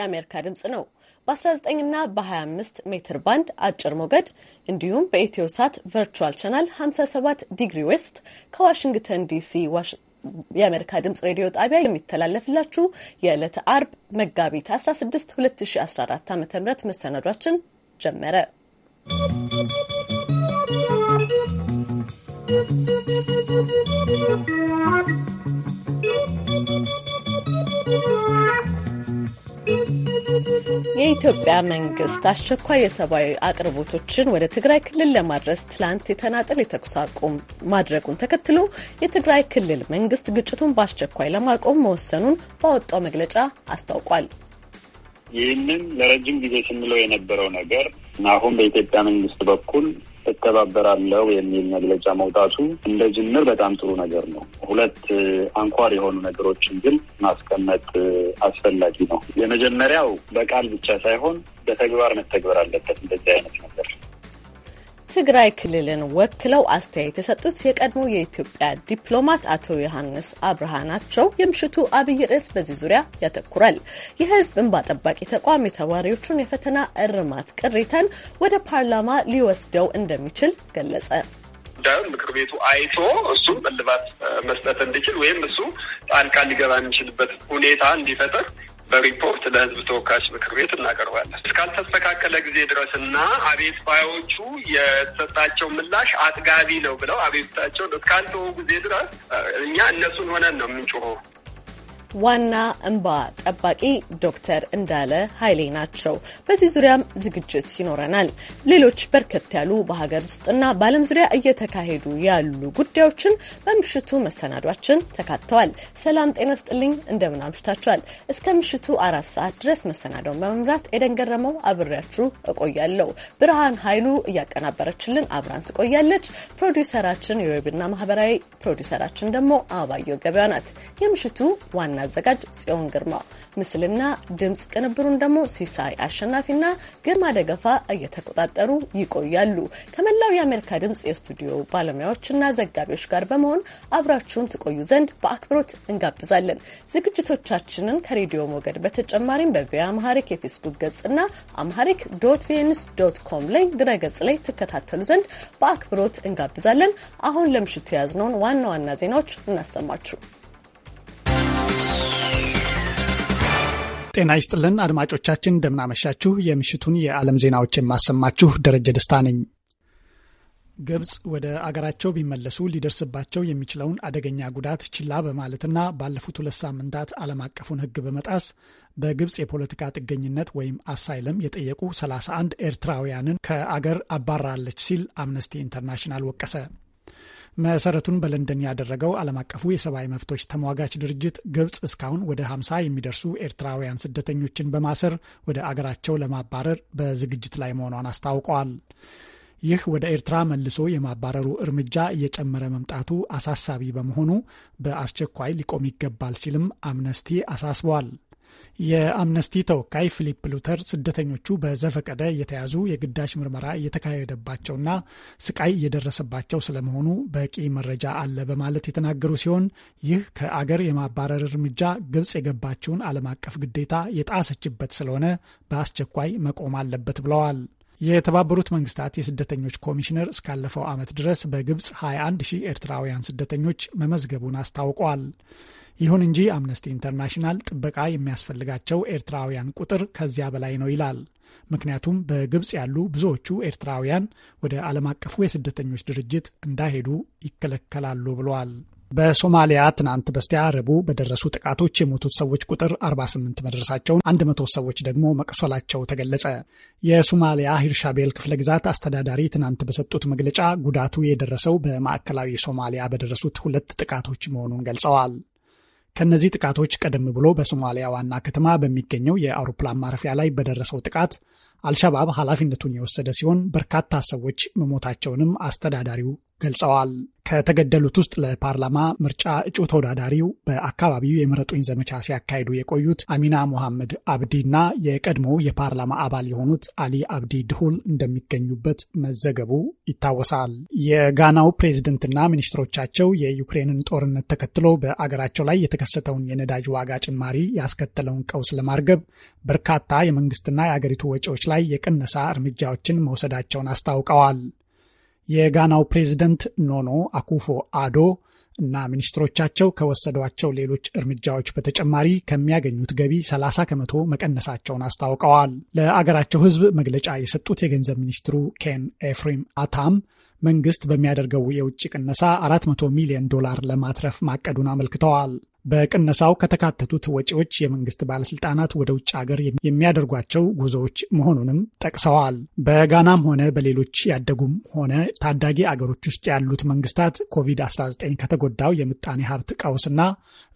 የአሜሪካ ድምጽ ነው። በ19 ና በ25 ሜትር ባንድ አጭር ሞገድ እንዲሁም በኢትዮ ሳት ቨርቹዋል ቻናል 57 ዲግሪ ዌስት ከዋሽንግተን ዲሲ የአሜሪካ ድምጽ ሬዲዮ ጣቢያ የሚተላለፍላችሁ የዕለተ አርብ መጋቢት 16 2014 ዓ ም መሰናዷችን ጀመረ። ¶¶ የኢትዮጵያ መንግስት አስቸኳይ የሰብአዊ አቅርቦቶችን ወደ ትግራይ ክልል ለማድረስ ትላንት የተናጠል የተኩስ አቁም ማድረጉን ተከትሎ የትግራይ ክልል መንግስት ግጭቱን በአስቸኳይ ለማቆም መወሰኑን ባወጣው መግለጫ አስታውቋል። ይህንን ለረጅም ጊዜ ስንለው የነበረው ነገር አሁን በኢትዮጵያ መንግስት በኩል እተባበራለሁ የሚል መግለጫ መውጣቱ እንደ ጅምር በጣም ጥሩ ነገር ነው። ሁለት አንኳር የሆኑ ነገሮችን ግን ማስቀመጥ አስፈላጊ ነው። የመጀመሪያው በቃል ብቻ ሳይሆን በተግባር መተግበር አለበት እንደዚህ አይነት ነገር ትግራይ ክልልን ወክለው አስተያየት የሰጡት የቀድሞ የኢትዮጵያ ዲፕሎማት አቶ ዮሐንስ አብርሃ ናቸው። የምሽቱ አብይ ርዕስ በዚህ ዙሪያ ያተኩራል። የህዝብ እንባ ጠባቂ ተቋም የተማሪዎቹን የፈተና እርማት ቅሬታን ወደ ፓርላማ ሊወስደው እንደሚችል ገለጸ። ጉዳዩን ምክር ቤቱ አይቶ እሱም እልባት መስጠት እንዲችል ወይም እሱ ጣልቃ ሊገባ የሚችልበት ሁኔታ እንዲፈጠር በሪፖርት ለህዝብ ተወካዮች ምክር ቤት እናቀርባለን። እስካልተስተካከለ ጊዜ ድረስ እና አቤት ባዮቹ የተሰጣቸው ምላሽ አጥጋቢ ነው ብለው አቤቱታቸውን እስካልተወ ጊዜ ድረስ እኛ እነሱን ሆነን ነው የምንጮኸው። ዋና እንባ ጠባቂ ዶክተር እንዳለ ኃይሌ ናቸው። በዚህ ዙሪያም ዝግጅት ይኖረናል። ሌሎች በርከት ያሉ በሀገር ውስጥና በዓለም ዙሪያ እየተካሄዱ ያሉ ጉዳዮችን በምሽቱ መሰናዷችን ተካተዋል። ሰላም ጤና ስጥልኝ፣ እንደምን አምሽታችኋል። እስከ ምሽቱ አራት ሰዓት ድረስ መሰናዶውን በመምራት ኤደን ገረመው አብሬያችሁ እቆያለሁ። ብርሃን ኃይሉ እያቀናበረችልን አብራን ትቆያለች። ፕሮዲውሰራችን የዌብና ማህበራዊ ፕሮዲውሰራችን ደግሞ አባየው ገበያ ናት። የምሽቱ ዋና ዋና አዘጋጅ ጽዮን ግርማ፣ ምስልና ድምፅ ቅንብሩን ደግሞ ሲሳይ አሸናፊና ግርማ ደገፋ እየተቆጣጠሩ ይቆያሉ። ከመላው የአሜሪካ ድምፅ የስቱዲዮ ባለሙያዎችና ዘጋቢዎች ጋር በመሆን አብራችሁን ትቆዩ ዘንድ በአክብሮት እንጋብዛለን። ዝግጅቶቻችንን ከሬዲዮ ሞገድ በተጨማሪም በቪያ አምሃሪክ የፌስቡክ ገጽና አምሃሪክ ዶት ቪኦኤ ኒውስ ዶት ኮም ላይ ገጽ ላይ ትከታተሉ ዘንድ በአክብሮት እንጋብዛለን። አሁን ለምሽቱ የያዝነውን ዋና ዋና ዜናዎች እናሰማችሁ። ጤና ይስጥልን አድማጮቻችን፣ እንደምናመሻችሁ። የምሽቱን የዓለም ዜናዎች የማሰማችሁ ደረጀ ደስታ ነኝ። ግብጽ ወደ አገራቸው ቢመለሱ ሊደርስባቸው የሚችለውን አደገኛ ጉዳት ችላ በማለትና ባለፉት ሁለት ሳምንታት ዓለም አቀፉን ሕግ በመጣስ በግብጽ የፖለቲካ ጥገኝነት ወይም አሳይለም የጠየቁ 31 ኤርትራውያንን ከአገር አባራለች ሲል አምነስቲ ኢንተርናሽናል ወቀሰ። መሰረቱን በለንደን ያደረገው ዓለም አቀፉ የሰብአዊ መብቶች ተሟጋች ድርጅት ግብጽ እስካሁን ወደ 50 የሚደርሱ ኤርትራውያን ስደተኞችን በማሰር ወደ አገራቸው ለማባረር በዝግጅት ላይ መሆኗን አስታውቀዋል። ይህ ወደ ኤርትራ መልሶ የማባረሩ እርምጃ እየጨመረ መምጣቱ አሳሳቢ በመሆኑ በአስቸኳይ ሊቆም ይገባል ሲልም አምነስቲ አሳስበዋል። የአምነስቲ ተወካይ ፊሊፕ ሉተር ስደተኞቹ በዘፈቀደ የተያዙ የግዳጅ ምርመራ እየተካሄደባቸውና ስቃይ እየደረሰባቸው ስለመሆኑ በቂ መረጃ አለ በማለት የተናገሩ ሲሆን ይህ ከአገር የማባረር እርምጃ ግብጽ የገባችውን ዓለም አቀፍ ግዴታ የጣሰችበት ስለሆነ በአስቸኳይ መቆም አለበት ብለዋል። የተባበሩት መንግስታት የስደተኞች ኮሚሽነር እስካለፈው ዓመት ድረስ በግብጽ 21 ሺህ ኤርትራውያን ስደተኞች መመዝገቡን አስታውቋል። ይሁን እንጂ አምነስቲ ኢንተርናሽናል ጥበቃ የሚያስፈልጋቸው ኤርትራውያን ቁጥር ከዚያ በላይ ነው ይላል። ምክንያቱም በግብፅ ያሉ ብዙዎቹ ኤርትራውያን ወደ ዓለም አቀፉ የስደተኞች ድርጅት እንዳይሄዱ ይከለከላሉ ብለዋል። በሶማሊያ ትናንት በስቲያ ረቡዕ በደረሱ ጥቃቶች የሞቱት ሰዎች ቁጥር 48 መድረሳቸውን 100 ሰዎች ደግሞ መቅሶላቸው ተገለጸ። የሶማሊያ ሂርሻቤል ክፍለ ግዛት አስተዳዳሪ ትናንት በሰጡት መግለጫ ጉዳቱ የደረሰው በማዕከላዊ ሶማሊያ በደረሱት ሁለት ጥቃቶች መሆኑን ገልጸዋል። ከነዚህ ጥቃቶች ቀደም ብሎ በሶማሊያ ዋና ከተማ በሚገኘው የአውሮፕላን ማረፊያ ላይ በደረሰው ጥቃት አልሸባብ ኃላፊነቱን የወሰደ ሲሆን በርካታ ሰዎች መሞታቸውንም አስተዳዳሪው ገልጸዋል። ከተገደሉት ውስጥ ለፓርላማ ምርጫ እጩ ተወዳዳሪው በአካባቢው የምረጡኝ ዘመቻ ሲያካሂዱ የቆዩት አሚና ሙሐመድ አብዲ እና የቀድሞው የፓርላማ አባል የሆኑት አሊ አብዲ ድሁል እንደሚገኙበት መዘገቡ ይታወሳል። የጋናው ፕሬዝደንትና ሚኒስትሮቻቸው የዩክሬንን ጦርነት ተከትሎ በአገራቸው ላይ የተከሰተውን የነዳጅ ዋጋ ጭማሪ ያስከተለውን ቀውስ ለማርገብ በርካታ የመንግስትና የአገሪቱ ወጪዎች ላይ የቅነሳ እርምጃዎችን መውሰዳቸውን አስታውቀዋል። የጋናው ፕሬዝደንት ኖኖ አኩፎ አዶ እና ሚኒስትሮቻቸው ከወሰዷቸው ሌሎች እርምጃዎች በተጨማሪ ከሚያገኙት ገቢ 30 ከመቶ መቀነሳቸውን አስታውቀዋል። ለአገራቸው ሕዝብ መግለጫ የሰጡት የገንዘብ ሚኒስትሩ ኬን ኤፍሪም አታም መንግስት በሚያደርገው የውጭ ቅነሳ 400 ሚሊዮን ዶላር ለማትረፍ ማቀዱን አመልክተዋል። በቅነሳው ከተካተቱት ወጪዎች የመንግስት ባለስልጣናት ወደ ውጭ ሀገር የሚያደርጓቸው ጉዞዎች መሆኑንም ጠቅሰዋል። በጋናም ሆነ በሌሎች ያደጉም ሆነ ታዳጊ አገሮች ውስጥ ያሉት መንግስታት ኮቪድ-19 ከተጎዳው የምጣኔ ሀብት ቀውስና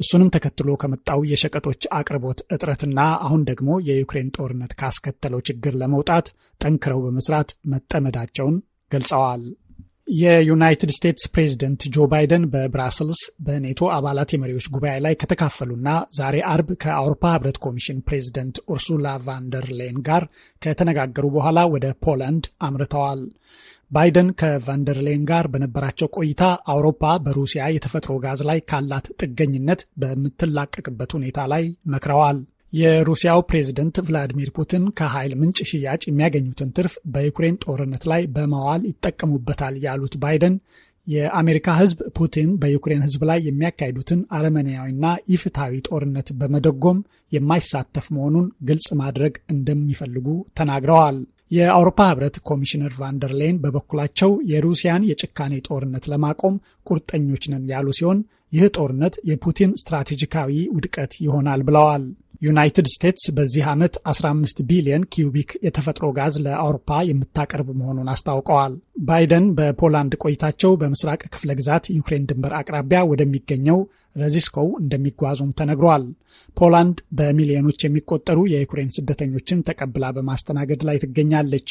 እሱንም ተከትሎ ከመጣው የሸቀጦች አቅርቦት እጥረትና አሁን ደግሞ የዩክሬን ጦርነት ካስከተለው ችግር ለመውጣት ጠንክረው በመስራት መጠመዳቸውን ገልጸዋል። የዩናይትድ ስቴትስ ፕሬዝደንት ጆ ባይደን በብራስልስ በኔቶ አባላት የመሪዎች ጉባኤ ላይ ከተካፈሉና ዛሬ አርብ ከአውሮፓ ህብረት ኮሚሽን ፕሬዝደንት ኡርሱላ ቫንደር ሌን ጋር ከተነጋገሩ በኋላ ወደ ፖላንድ አምርተዋል። ባይደን ከቫንደርሌን ጋር በነበራቸው ቆይታ አውሮፓ በሩሲያ የተፈጥሮ ጋዝ ላይ ካላት ጥገኝነት በምትላቀቅበት ሁኔታ ላይ መክረዋል። የሩሲያው ፕሬዝደንት ቭላዲሚር ፑቲን ከኃይል ምንጭ ሽያጭ የሚያገኙትን ትርፍ በዩክሬን ጦርነት ላይ በማዋል ይጠቀሙበታል ያሉት ባይደን የአሜሪካ ሕዝብ ፑቲን በዩክሬን ሕዝብ ላይ የሚያካሂዱትን አረመኔያዊና ኢፍትሐዊ ጦርነት በመደጎም የማይሳተፍ መሆኑን ግልጽ ማድረግ እንደሚፈልጉ ተናግረዋል። የአውሮፓ ህብረት ኮሚሽነር ቫንደር በበኩላቸው የሩሲያን የጭካኔ ጦርነት ለማቆም ቁርጠኞች ነን ያሉ ሲሆን ይህ ጦርነት የፑቲን ስትራቴጂካዊ ውድቀት ይሆናል ብለዋል። ዩናይትድ ስቴትስ በዚህ ዓመት 15 ቢሊዮን ኪዩቢክ የተፈጥሮ ጋዝ ለአውሮፓ የምታቀርብ መሆኑን አስታውቀዋል። ባይደን በፖላንድ ቆይታቸው በምስራቅ ክፍለ ግዛት ዩክሬን ድንበር አቅራቢያ ወደሚገኘው ረዚስኮው እንደሚጓዙም ተነግሯል። ፖላንድ በሚሊዮኖች የሚቆጠሩ የዩክሬን ስደተኞችን ተቀብላ በማስተናገድ ላይ ትገኛለች።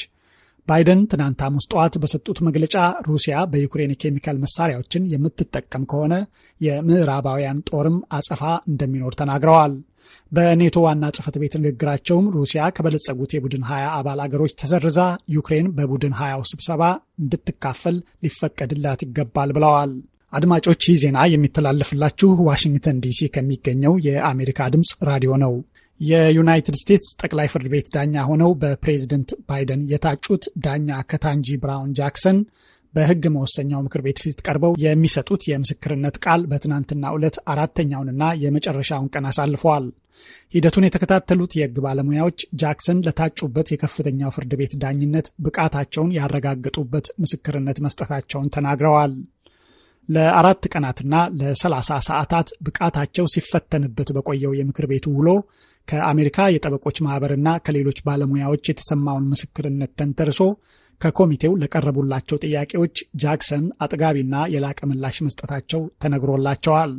ባይደን ትናንት ሐሙስ ጠዋት በሰጡት መግለጫ ሩሲያ በዩክሬን ኬሚካል መሳሪያዎችን የምትጠቀም ከሆነ የምዕራባውያን ጦርም አጸፋ እንደሚኖር ተናግረዋል። በኔቶ ዋና ጽፈት ቤት ንግግራቸውም ሩሲያ ከበለጸጉት የቡድን ሀያ አባል አገሮች ተሰርዛ ዩክሬን በቡድን ሀያው ስብሰባ እንድትካፈል ሊፈቀድላት ይገባል ብለዋል። አድማጮች ይህ ዜና የሚተላለፍላችሁ ዋሽንግተን ዲሲ ከሚገኘው የአሜሪካ ድምፅ ራዲዮ ነው። የዩናይትድ ስቴትስ ጠቅላይ ፍርድ ቤት ዳኛ ሆነው በፕሬዝደንት ባይደን የታጩት ዳኛ ከታንጂ ብራውን ጃክሰን በሕግ መወሰኛው ምክር ቤት ፊት ቀርበው የሚሰጡት የምስክርነት ቃል በትናንትናው ዕለት አራተኛውንና የመጨረሻውን ቀን አሳልፈዋል። ሂደቱን የተከታተሉት የሕግ ባለሙያዎች ጃክሰን ለታጩበት የከፍተኛው ፍርድ ቤት ዳኝነት ብቃታቸውን ያረጋገጡበት ምስክርነት መስጠታቸውን ተናግረዋል። ለአራት ቀናትና ለሰላሳ ሰዓታት ብቃታቸው ሲፈተንበት በቆየው የምክር ቤቱ ውሎ ከአሜሪካ የጠበቆች ማህበርና ከሌሎች ባለሙያዎች የተሰማውን ምስክርነት ተንተርሶ ከኮሚቴው ለቀረቡላቸው ጥያቄዎች ጃክሰን አጥጋቢና የላቀ ምላሽ መስጠታቸው ተነግሮላቸዋል።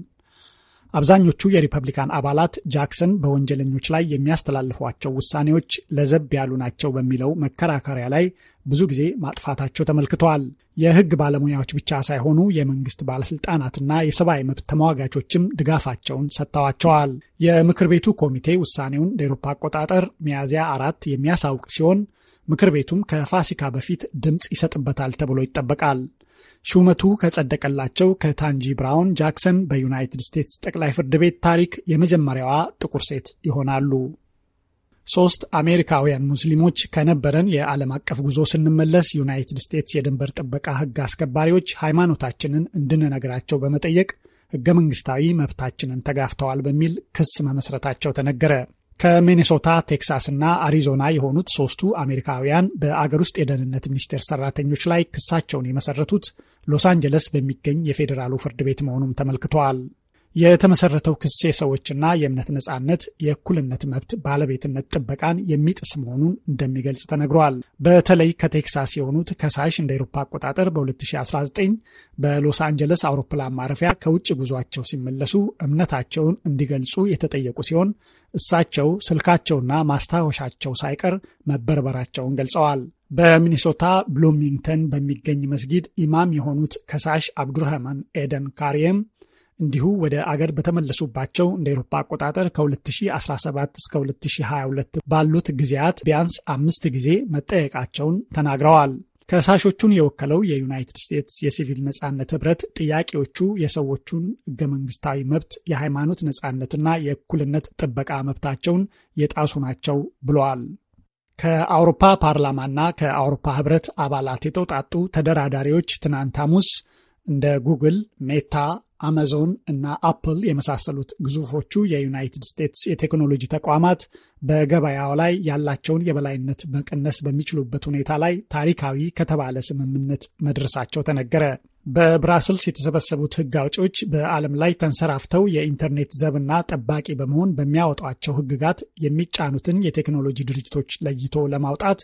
አብዛኞቹ የሪፐብሊካን አባላት ጃክሰን በወንጀለኞች ላይ የሚያስተላልፏቸው ውሳኔዎች ለዘብ ያሉ ናቸው በሚለው መከራከሪያ ላይ ብዙ ጊዜ ማጥፋታቸው ተመልክተዋል። የሕግ ባለሙያዎች ብቻ ሳይሆኑ የመንግስት ባለስልጣናትና የሰብአዊ መብት ተሟጋቾችም ድጋፋቸውን ሰጥተዋቸዋል። የምክር ቤቱ ኮሚቴ ውሳኔውን ለአውሮፓ አቆጣጠር ሚያዝያ አራት የሚያሳውቅ ሲሆን ምክር ቤቱም ከፋሲካ በፊት ድምፅ ይሰጥበታል ተብሎ ይጠበቃል። ሹመቱ ከጸደቀላቸው ከታንጂ ብራውን ጃክሰን በዩናይትድ ስቴትስ ጠቅላይ ፍርድ ቤት ታሪክ የመጀመሪያዋ ጥቁር ሴት ይሆናሉ። ሶስት አሜሪካውያን ሙስሊሞች ከነበረን የዓለም አቀፍ ጉዞ ስንመለስ ዩናይትድ ስቴትስ የድንበር ጥበቃ ሕግ አስከባሪዎች ሃይማኖታችንን እንድንነግራቸው በመጠየቅ ሕገ መንግስታዊ መብታችንን ተጋፍተዋል በሚል ክስ መመስረታቸው ተነገረ። ከሚኔሶታ፣ ቴክሳስ እና አሪዞና የሆኑት ሶስቱ አሜሪካውያን በአገር ውስጥ የደህንነት ሚኒስቴር ሰራተኞች ላይ ክሳቸውን የመሰረቱት ሎስ አንጀለስ በሚገኝ የፌዴራሉ ፍርድ ቤት መሆኑም ተመልክተዋል። የተመሰረተው ክስ የሰዎችና የእምነት ነጻነት፣ የእኩልነት መብት ባለቤትነት ጥበቃን የሚጥስ መሆኑን እንደሚገልጽ ተነግሯል። በተለይ ከቴክሳስ የሆኑት ከሳሽ እንደ ኤሮፓ አቆጣጠር በ2019 በሎስ አንጀለስ አውሮፕላን ማረፊያ ከውጭ ጉዟቸው ሲመለሱ እምነታቸውን እንዲገልጹ የተጠየቁ ሲሆን እሳቸው ስልካቸውና ማስታወሻቸው ሳይቀር መበርበራቸውን ገልጸዋል። በሚኒሶታ ብሉሚንግተን በሚገኝ መስጊድ ኢማም የሆኑት ከሳሽ አብዱርሃማን ኤደን ካሪየም እንዲሁ ወደ አገር በተመለሱባቸው እንደ ኤሮፓ አቆጣጠር ከ2017 እስከ 2022 ባሉት ጊዜያት ቢያንስ አምስት ጊዜ መጠየቃቸውን ተናግረዋል። ከሳሾቹን የወከለው የዩናይትድ ስቴትስ የሲቪል ነጻነት ህብረት ጥያቄዎቹ የሰዎቹን ህገ መንግስታዊ መብት፣ የሃይማኖት ነጻነትና የእኩልነት ጥበቃ መብታቸውን የጣሱ ናቸው ብለዋል። ከአውሮፓ ፓርላማና ከአውሮፓ ህብረት አባላት የተውጣጡ ተደራዳሪዎች ትናንት ሐሙስ እንደ ጉግል፣ ሜታ፣ አማዞን እና አፕል የመሳሰሉት ግዙፎቹ የዩናይትድ ስቴትስ የቴክኖሎጂ ተቋማት በገበያው ላይ ያላቸውን የበላይነት መቀነስ በሚችሉበት ሁኔታ ላይ ታሪካዊ ከተባለ ስምምነት መድረሳቸው ተነገረ። በብራስልስ የተሰበሰቡት ሕግ አውጪዎች በዓለም ላይ ተንሰራፍተው የኢንተርኔት ዘብና ጠባቂ በመሆን በሚያወጧቸው ሕግጋት የሚጫኑትን የቴክኖሎጂ ድርጅቶች ለይቶ ለማውጣት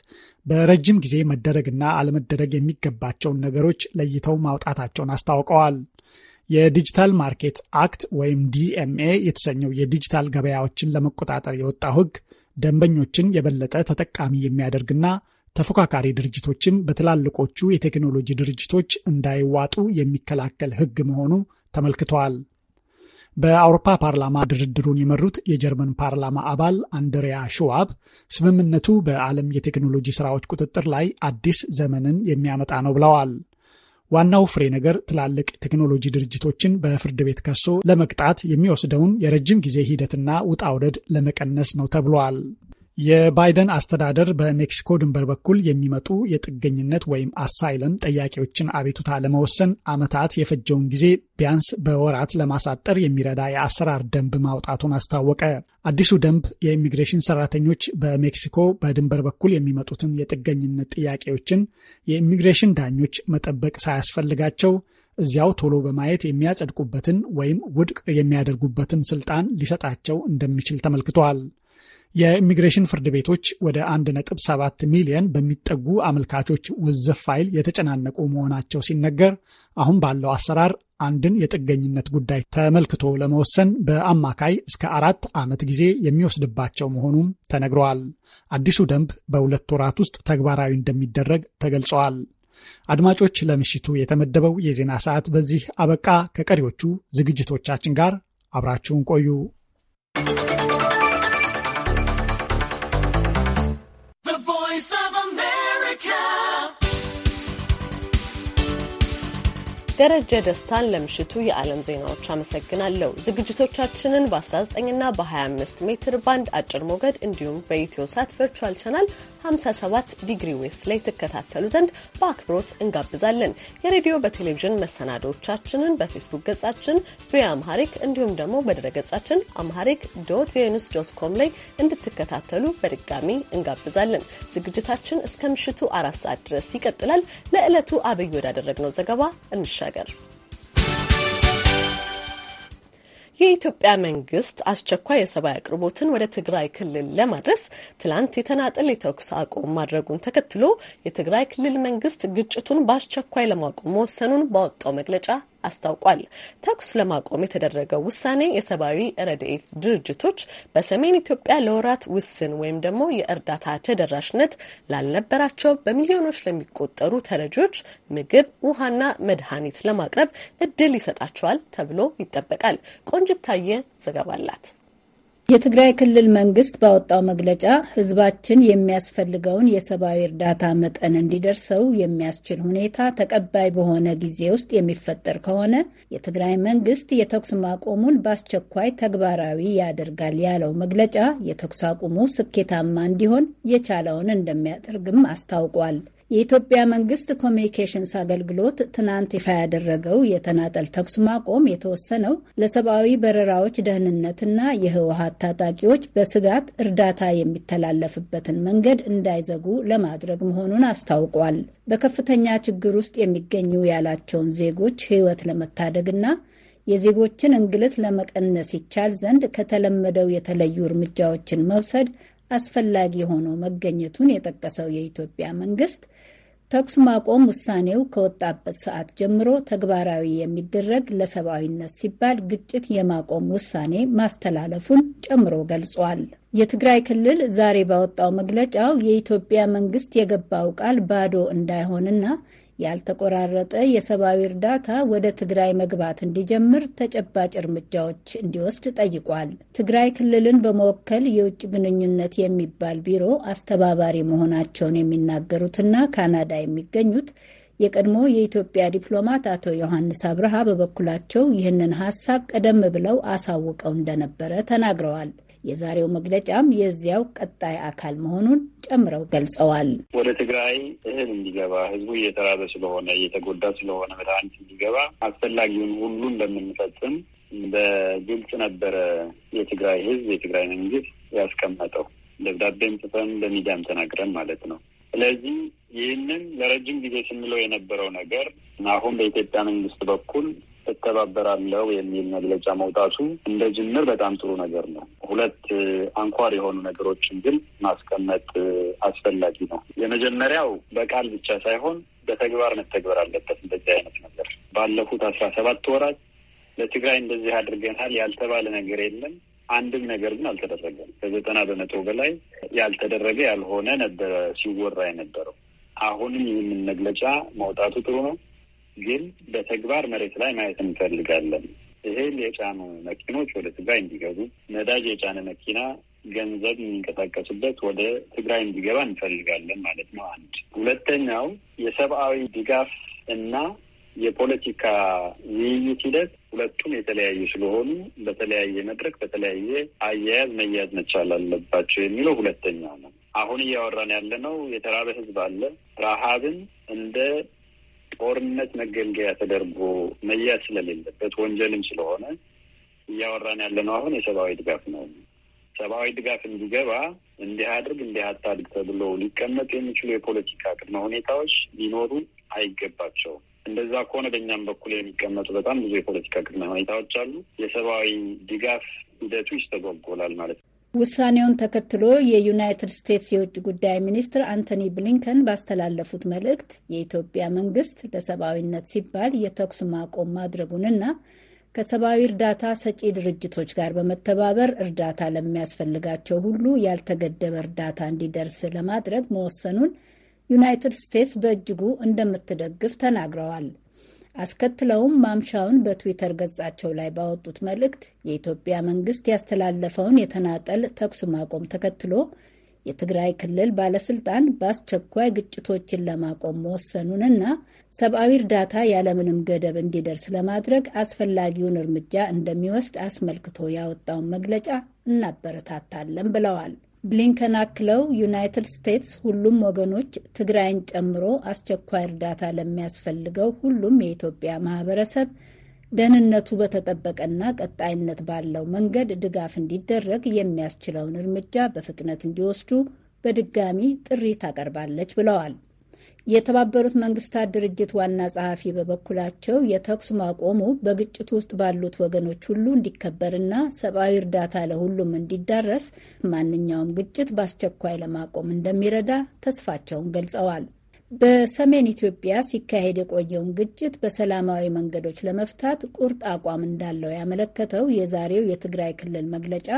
በረጅም ጊዜ መደረግና አለመደረግ የሚገባቸውን ነገሮች ለይተው ማውጣታቸውን አስታውቀዋል። የዲጂታል ማርኬት አክት ወይም ዲኤምኤ የተሰኘው የዲጂታል ገበያዎችን ለመቆጣጠር የወጣው ሕግ ደንበኞችን የበለጠ ተጠቃሚ የሚያደርግና ተፎካካሪ ድርጅቶችን በትላልቆቹ የቴክኖሎጂ ድርጅቶች እንዳይዋጡ የሚከላከል ሕግ መሆኑ ተመልክተዋል። በአውሮፓ ፓርላማ ድርድሩን የመሩት የጀርመን ፓርላማ አባል አንድሪያ ሽዋብ ስምምነቱ በዓለም የቴክኖሎጂ ስራዎች ቁጥጥር ላይ አዲስ ዘመንን የሚያመጣ ነው ብለዋል። ዋናው ፍሬ ነገር ትላልቅ ቴክኖሎጂ ድርጅቶችን በፍርድ ቤት ከሶ ለመቅጣት የሚወስደውን የረጅም ጊዜ ሂደትና ውጣ ውረድ ለመቀነስ ነው ተብሏል። የባይደን አስተዳደር በሜክሲኮ ድንበር በኩል የሚመጡ የጥገኝነት ወይም አሳይለም ጥያቄዎችን አቤቱታ ለመወሰን ዓመታት የፈጀውን ጊዜ ቢያንስ በወራት ለማሳጠር የሚረዳ የአሰራር ደንብ ማውጣቱን አስታወቀ። አዲሱ ደንብ የኢሚግሬሽን ሰራተኞች በሜክሲኮ በድንበር በኩል የሚመጡትን የጥገኝነት ጥያቄዎችን የኢሚግሬሽን ዳኞች መጠበቅ ሳያስፈልጋቸው እዚያው ቶሎ በማየት የሚያጸድቁበትን ወይም ውድቅ የሚያደርጉበትን ስልጣን ሊሰጣቸው እንደሚችል ተመልክቷል። የኢሚግሬሽን ፍርድ ቤቶች ወደ 1.7 ሚሊዮን በሚጠጉ አመልካቾች ውዝፍ ፋይል የተጨናነቁ መሆናቸው ሲነገር አሁን ባለው አሰራር አንድን የጥገኝነት ጉዳይ ተመልክቶ ለመወሰን በአማካይ እስከ አራት ዓመት ጊዜ የሚወስድባቸው መሆኑም ተነግረዋል። አዲሱ ደንብ በሁለት ወራት ውስጥ ተግባራዊ እንደሚደረግ ተገልጸዋል። አድማጮች፣ ለምሽቱ የተመደበው የዜና ሰዓት በዚህ አበቃ። ከቀሪዎቹ ዝግጅቶቻችን ጋር አብራችሁን ቆዩ። ደረጀ ደስታን ለምሽቱ የዓለም ዜናዎች አመሰግናለሁ። ዝግጅቶቻችንን በ19ና በ25 ሜትር ባንድ አጭር ሞገድ እንዲሁም በኢትዮ ሳት ቨርቹዋል ቻናል 57 ዲግሪ ዌስት ላይ ትከታተሉ ዘንድ በአክብሮት እንጋብዛለን። የሬዲዮ በቴሌቪዥን መሰናዶዎቻችንን በፌስቡክ ገጻችን ቪኦኤ አምሃሪክ እንዲሁም ደግሞ በድረ ገጻችን አምሃሪክ ዶት ቪኦኤ ዶት ኮም ላይ እንድትከታተሉ በድጋሚ እንጋብዛለን። ዝግጅታችን እስከ ምሽቱ አራት ሰዓት ድረስ ይቀጥላል። ለዕለቱ አብይ ወዳደረግነው ዘገባ እንሻገር። እንነጋገር። የኢትዮጵያ መንግስት አስቸኳይ የሰብአዊ አቅርቦትን ወደ ትግራይ ክልል ለማድረስ ትላንት የተናጠል የተኩስ አቁም ማድረጉን ተከትሎ የትግራይ ክልል መንግስት ግጭቱን በአስቸኳይ ለማቆም መወሰኑን ባወጣው መግለጫ አስታውቋል። ተኩስ ለማቆም የተደረገው ውሳኔ የሰብአዊ ረድኤት ድርጅቶች በሰሜን ኢትዮጵያ ለወራት ውስን ወይም ደግሞ የእርዳታ ተደራሽነት ላልነበራቸው በሚሊዮኖች ለሚቆጠሩ ተረጂዎች ምግብ፣ ውሃና መድኃኒት ለማቅረብ እድል ይሰጣቸዋል ተብሎ ይጠበቃል። ቆንጅታየ ዘገባ አላት። የትግራይ ክልል መንግስት ባወጣው መግለጫ ህዝባችን የሚያስፈልገውን የሰብአዊ እርዳታ መጠን እንዲደርሰው የሚያስችል ሁኔታ ተቀባይ በሆነ ጊዜ ውስጥ የሚፈጠር ከሆነ የትግራይ መንግስት የተኩስ ማቆሙን በአስቸኳይ ተግባራዊ ያደርጋል ያለው መግለጫ የተኩስ አቁሙ ስኬታማ እንዲሆን የቻለውን እንደሚያደርግም አስታውቋል። የኢትዮጵያ መንግስት ኮሚኒኬሽንስ አገልግሎት ትናንት ይፋ ያደረገው የተናጠል ተኩስ ማቆም የተወሰነው ለሰብአዊ በረራዎች ደህንነትና የህወሀት ታጣቂዎች በስጋት እርዳታ የሚተላለፍበትን መንገድ እንዳይዘጉ ለማድረግ መሆኑን አስታውቋል። በከፍተኛ ችግር ውስጥ የሚገኙ ያላቸውን ዜጎች ህይወት ለመታደግና የዜጎችን እንግልት ለመቀነስ ይቻል ዘንድ ከተለመደው የተለዩ እርምጃዎችን መውሰድ አስፈላጊ ሆኖ መገኘቱን የጠቀሰው የኢትዮጵያ መንግስት ተኩስ ማቆም ውሳኔው ከወጣበት ሰዓት ጀምሮ ተግባራዊ የሚደረግ ለሰብአዊነት ሲባል ግጭት የማቆም ውሳኔ ማስተላለፉን ጨምሮ ገልጿል። የትግራይ ክልል ዛሬ ባወጣው መግለጫው የኢትዮጵያ መንግስት የገባው ቃል ባዶ እንዳይሆንና ያልተቆራረጠ የሰብአዊ እርዳታ ወደ ትግራይ መግባት እንዲጀምር ተጨባጭ እርምጃዎች እንዲወስድ ጠይቋል። ትግራይ ክልልን በመወከል የውጭ ግንኙነት የሚባል ቢሮ አስተባባሪ መሆናቸውን የሚናገሩትና ካናዳ የሚገኙት የቀድሞ የኢትዮጵያ ዲፕሎማት አቶ ዮሐንስ አብርሃ በበኩላቸው ይህንን ሀሳብ ቀደም ብለው አሳውቀው እንደነበረ ተናግረዋል። የዛሬው መግለጫም የዚያው ቀጣይ አካል መሆኑን ጨምረው ገልጸዋል። ወደ ትግራይ እህል እንዲገባ ህዝቡ እየተራበ ስለሆነ እየተጎዳ ስለሆነ መድኃኒት እንዲገባ አስፈላጊውን ሁሉ እንደምንፈጽም በግልጽ ነበረ የትግራይ ህዝብ የትግራይ መንግስት ያስቀመጠው ደብዳቤም ጽፈን በሚዲያም ተናግረን ማለት ነው። ስለዚህ ይህንን ለረጅም ጊዜ ስንለው የነበረው ነገር አሁን በኢትዮጵያ መንግስት በኩል እተባበራለሁ የሚል መግለጫ መውጣቱ እንደ ጅምር በጣም ጥሩ ነገር ነው። ሁለት አንኳር የሆኑ ነገሮችን ግን ማስቀመጥ አስፈላጊ ነው። የመጀመሪያው በቃል ብቻ ሳይሆን በተግባር መተግበር አለበት። እንደዚህ አይነት ነገር ባለፉት አስራ ሰባት ወራት ለትግራይ እንደዚህ አድርገናል ያልተባለ ነገር የለም። አንድም ነገር ግን አልተደረገም። ከዘጠና በመቶ በላይ ያልተደረገ ያልሆነ ነበረ ሲወራ የነበረው። አሁንም ይህንን መግለጫ መውጣቱ ጥሩ ነው። ግን በተግባር መሬት ላይ ማየት እንፈልጋለን። እህል የጫኑ መኪኖች ወደ ትግራይ እንዲገቡ፣ ነዳጅ የጫነ መኪና ገንዘብ የሚንቀሳቀሱበት ወደ ትግራይ እንዲገባ እንፈልጋለን ማለት ነው። አንድ ሁለተኛው የሰብአዊ ድጋፍ እና የፖለቲካ ውይይት ሂደት ሁለቱም የተለያዩ ስለሆኑ በተለያየ መድረክ በተለያየ አያያዝ መያዝ መቻል አለባቸው የሚለው ሁለተኛው ነው። አሁን እያወራን ያለ ነው የተራበ ህዝብ አለ። ረሃብን እንደ ጦርነት መገልገያ ተደርጎ መያዝ ስለሌለበት ወንጀልም ስለሆነ እያወራን ነው። አሁን የሰብአዊ ድጋፍ ነው። ሰብአዊ ድጋፍ እንዲገባ እንዲህ አድርግ እንዲህ አታድግ ተብሎ ሊቀመጡ የሚችሉ የፖለቲካ ቅድመ ሁኔታዎች ሊኖሩ አይገባቸውም። እንደዛ ከሆነ በእኛም በኩል የሚቀመጡ በጣም ብዙ የፖለቲካ ቅድመ ሁኔታዎች አሉ። የሰብአዊ ድጋፍ ሂደቱ ይስተጓጎላል ማለት ነው። ውሳኔውን ተከትሎ የዩናይትድ ስቴትስ የውጭ ጉዳይ ሚኒስትር አንቶኒ ብሊንከን ባስተላለፉት መልእክት የኢትዮጵያ መንግስት ለሰብአዊነት ሲባል የተኩስ ማቆም ማድረጉንና ከሰብአዊ እርዳታ ሰጪ ድርጅቶች ጋር በመተባበር እርዳታ ለሚያስፈልጋቸው ሁሉ ያልተገደበ እርዳታ እንዲደርስ ለማድረግ መወሰኑን ዩናይትድ ስቴትስ በእጅጉ እንደምትደግፍ ተናግረዋል። አስከትለውም ማምሻውን በትዊተር ገጻቸው ላይ ባወጡት መልእክት የኢትዮጵያ መንግስት ያስተላለፈውን የተናጠል ተኩስ ማቆም ተከትሎ የትግራይ ክልል ባለስልጣን በአስቸኳይ ግጭቶችን ለማቆም መወሰኑንና ሰብአዊ እርዳታ ያለምንም ገደብ እንዲደርስ ለማድረግ አስፈላጊውን እርምጃ እንደሚወስድ አስመልክቶ ያወጣውን መግለጫ እናበረታታለን ብለዋል። ብሊንከን አክለው ዩናይትድ ስቴትስ ሁሉም ወገኖች ትግራይን ጨምሮ አስቸኳይ እርዳታ ለሚያስፈልገው ሁሉም የኢትዮጵያ ማህበረሰብ ደህንነቱ በተጠበቀና ቀጣይነት ባለው መንገድ ድጋፍ እንዲደረግ የሚያስችለውን እርምጃ በፍጥነት እንዲወስዱ በድጋሚ ጥሪ ታቀርባለች ብለዋል። የተባበሩት መንግስታት ድርጅት ዋና ጸሐፊ በበኩላቸው የተኩስ ማቆሙ በግጭቱ ውስጥ ባሉት ወገኖች ሁሉ እንዲከበርና ሰብአዊ እርዳታ ለሁሉም እንዲዳረስ ማንኛውም ግጭት በአስቸኳይ ለማቆም እንደሚረዳ ተስፋቸውን ገልጸዋል። በሰሜን ኢትዮጵያ ሲካሄድ የቆየውን ግጭት በሰላማዊ መንገዶች ለመፍታት ቁርጥ አቋም እንዳለው ያመለከተው የዛሬው የትግራይ ክልል መግለጫ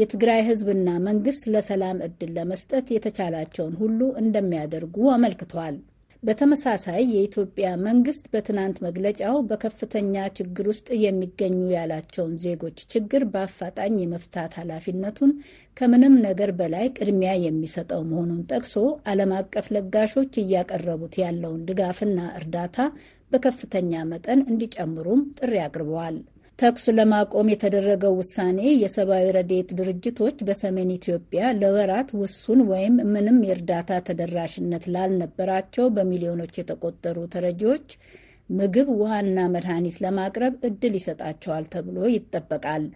የትግራይ ህዝብና መንግስት ለሰላም ዕድል ለመስጠት የተቻላቸውን ሁሉ እንደሚያደርጉ አመልክቷል። በተመሳሳይ የኢትዮጵያ መንግስት በትናንት መግለጫው በከፍተኛ ችግር ውስጥ የሚገኙ ያላቸውን ዜጎች ችግር በአፋጣኝ የመፍታት ኃላፊነቱን ከምንም ነገር በላይ ቅድሚያ የሚሰጠው መሆኑን ጠቅሶ ዓለም አቀፍ ለጋሾች እያቀረቡት ያለውን ድጋፍና እርዳታ በከፍተኛ መጠን እንዲጨምሩም ጥሪ አቅርበዋል። ተኩስ ለማቆም የተደረገው ውሳኔ የሰብአዊ ረድኤት ድርጅቶች በሰሜን ኢትዮጵያ ለወራት ውሱን ወይም ምንም የእርዳታ ተደራሽነት ላልነበራቸው በሚሊዮኖች የተቆጠሩ ተረጂዎች ምግብ፣ ውሃና መድኃኒት ለማቅረብ እድል ይሰጣቸዋል ተብሎ ይጠበቃል።